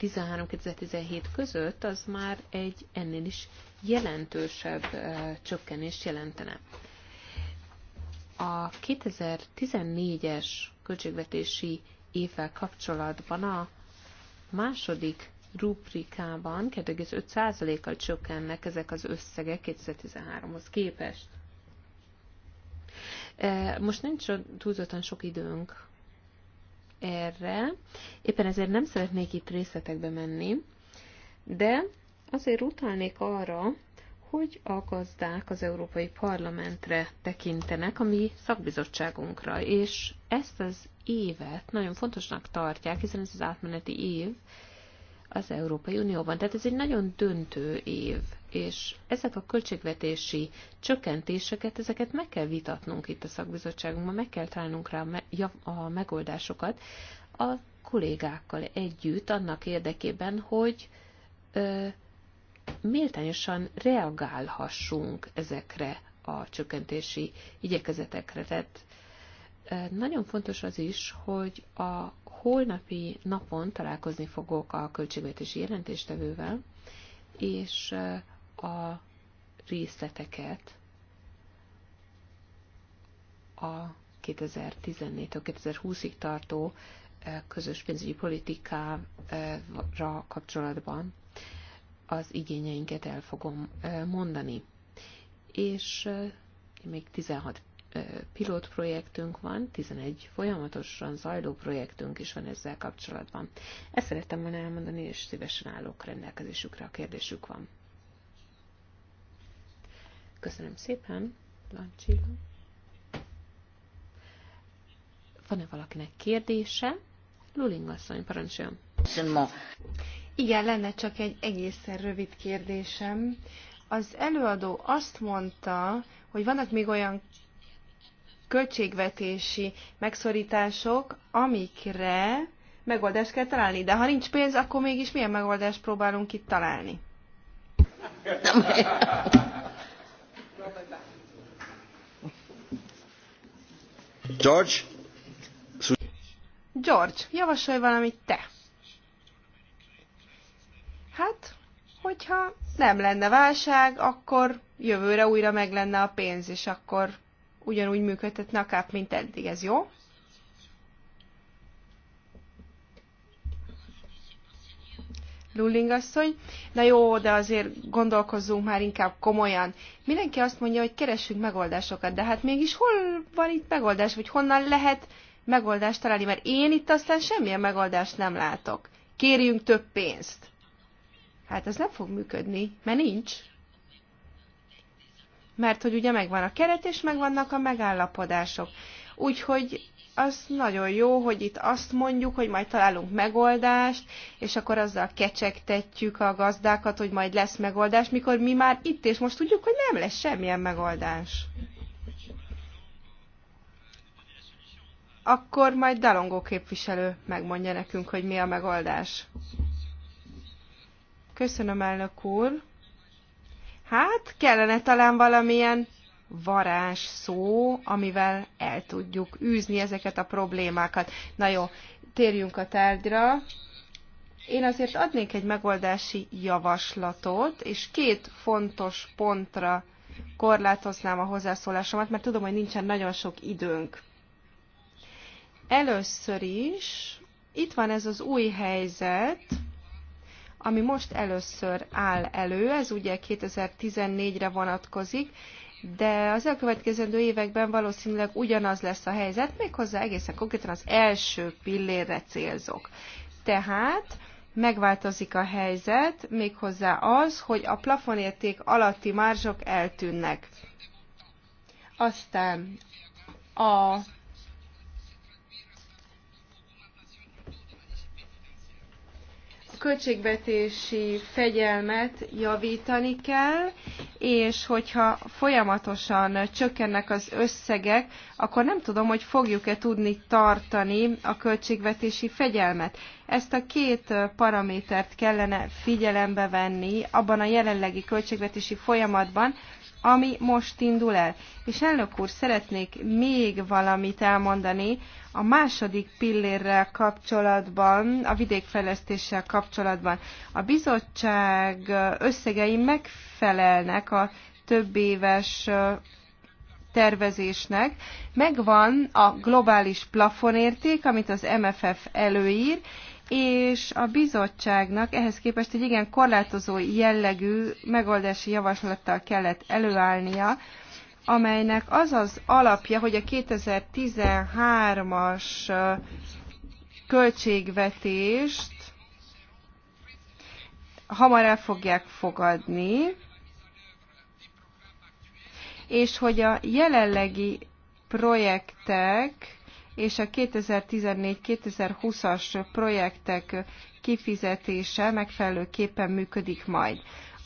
2013-2017 között, az már egy ennél is jelentősebb csökkenést jelentene. A 2014-es költségvetési évvel kapcsolatban a második rubrikában 2,5%-kal csökkennek ezek az összegek 2013-hoz képest. Most nincs túlzottan sok időnk erre, éppen ezért nem szeretnék itt részletekbe menni, de azért utalnék arra, hogy a gazdák az Európai Parlamentre tekintenek, a mi szakbizottságunkra, és ezt az évet nagyon fontosnak tartják, hiszen ez az átmeneti év, az Európai Unióban. Tehát ez egy nagyon döntő év, és ezek a költségvetési csökkentéseket, ezeket meg kell vitatnunk itt a szakbizottságunkban, meg kell találnunk rá a megoldásokat a kollégákkal együtt annak érdekében, hogy ö, méltányosan reagálhassunk ezekre a csökkentési igyekezetekre. Tehát nagyon fontos az is, hogy a holnapi napon találkozni fogok a költségvetési jelentéstevővel, és a részleteket a 2014-től 2020-ig tartó közös pénzügyi politikára kapcsolatban az igényeinket el fogom mondani. És még 16 pilot projektünk van, 11 folyamatosan zajló projektünk is van ezzel kapcsolatban. Ezt szerettem volna elmondani, és szívesen állok rendelkezésükre, a kérdésük van. Köszönöm szépen, Lancsilla. Van-e valakinek kérdése? Luling asszony, parancsoljon. Igen, lenne csak egy egészen rövid kérdésem. Az előadó azt mondta, hogy vannak még olyan költségvetési megszorítások, amikre megoldást kell találni. De ha nincs pénz, akkor mégis milyen megoldást próbálunk itt találni? George? George, javasolj valamit te. Hát, hogyha nem lenne válság, akkor jövőre újra meg lenne a pénz, és akkor ugyanúgy működtetni a KAP, mint eddig. Ez jó? Lulling asszony. Na jó, de azért gondolkozzunk már inkább komolyan. Mindenki azt mondja, hogy keressünk megoldásokat, de hát mégis hol van itt megoldás, vagy honnan lehet megoldást találni, mert én itt aztán semmilyen megoldást nem látok. Kérjünk több pénzt. Hát ez nem fog működni, mert nincs mert hogy ugye megvan a keret, és megvannak a megállapodások. Úgyhogy az nagyon jó, hogy itt azt mondjuk, hogy majd találunk megoldást, és akkor azzal kecsegtetjük a gazdákat, hogy majd lesz megoldás, mikor mi már itt és most tudjuk, hogy nem lesz semmilyen megoldás. Akkor majd Dalongó képviselő megmondja nekünk, hogy mi a megoldás. Köszönöm, elnök úr! Hát kellene talán valamilyen varázs szó, amivel el tudjuk űzni ezeket a problémákat. Na jó, térjünk a tárgyra. Én azért adnék egy megoldási javaslatot, és két fontos pontra korlátoznám a hozzászólásomat, mert tudom, hogy nincsen nagyon sok időnk. Először is itt van ez az új helyzet, ami most először áll elő, ez ugye 2014-re vonatkozik, de az elkövetkezendő években valószínűleg ugyanaz lesz a helyzet, méghozzá egészen konkrétan az első pillérre célzok. Tehát megváltozik a helyzet, méghozzá az, hogy a plafonérték alatti márzsok eltűnnek. Aztán a költségvetési fegyelmet javítani kell, és hogyha folyamatosan csökkennek az összegek, akkor nem tudom, hogy fogjuk-e tudni tartani a költségvetési fegyelmet. Ezt a két paramétert kellene figyelembe venni abban a jelenlegi költségvetési folyamatban, ami most indul el. És elnök úr, szeretnék még valamit elmondani a második pillérrel kapcsolatban, a vidékfejlesztéssel kapcsolatban. A bizottság összegei megfelelnek a több éves tervezésnek. Megvan a globális plafonérték, amit az MFF előír, és a bizottságnak ehhez képest egy igen korlátozó jellegű megoldási javaslattal kellett előállnia, amelynek az az alapja, hogy a 2013-as költségvetést hamar el fogják fogadni, és hogy a jelenlegi projektek és a 2014-2020-as projektek kifizetése megfelelőképpen működik majd.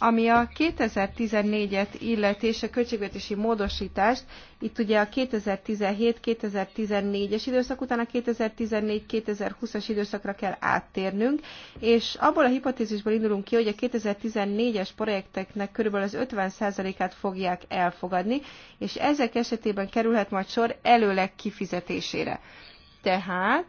Ami a 2014-et illeti és a költségvetési módosítást, itt ugye a 2017-2014-es időszak után a 2014-2020-as időszakra kell áttérnünk, és abból a hipotézisből indulunk ki, hogy a 2014-es projekteknek körülbelül az 50%-át fogják elfogadni, és ezek esetében kerülhet majd sor előleg kifizetésére. Tehát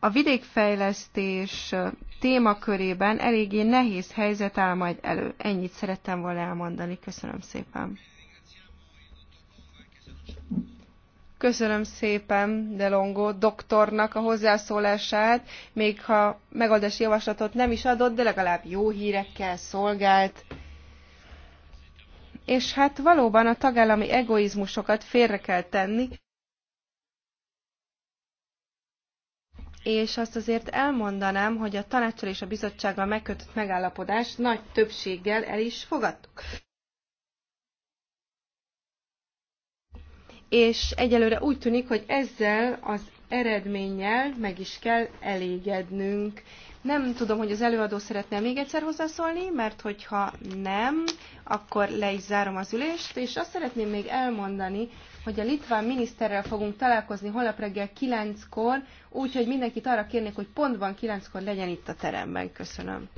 a vidékfejlesztés témakörében eléggé nehéz helyzet áll majd elő. Ennyit szerettem volna elmondani. Köszönöm szépen. Köszönöm szépen Delongo doktornak a hozzászólását, még ha megoldási javaslatot nem is adott, de legalább jó hírekkel szolgált. És hát valóban a tagállami egoizmusokat félre kell tenni. és azt azért elmondanám, hogy a tanácssal és a bizottsággal megkötött megállapodást nagy többséggel el is fogadtuk. És egyelőre úgy tűnik, hogy ezzel az eredménnyel meg is kell elégednünk. Nem tudom, hogy az előadó szeretne még egyszer hozzászólni, mert hogyha nem, akkor le is zárom az ülést, és azt szeretném még elmondani, hogy a litván miniszterrel fogunk találkozni holnap reggel 9-kor, úgyhogy mindenkit arra kérnék, hogy pontban 9-kor legyen itt a teremben. Köszönöm.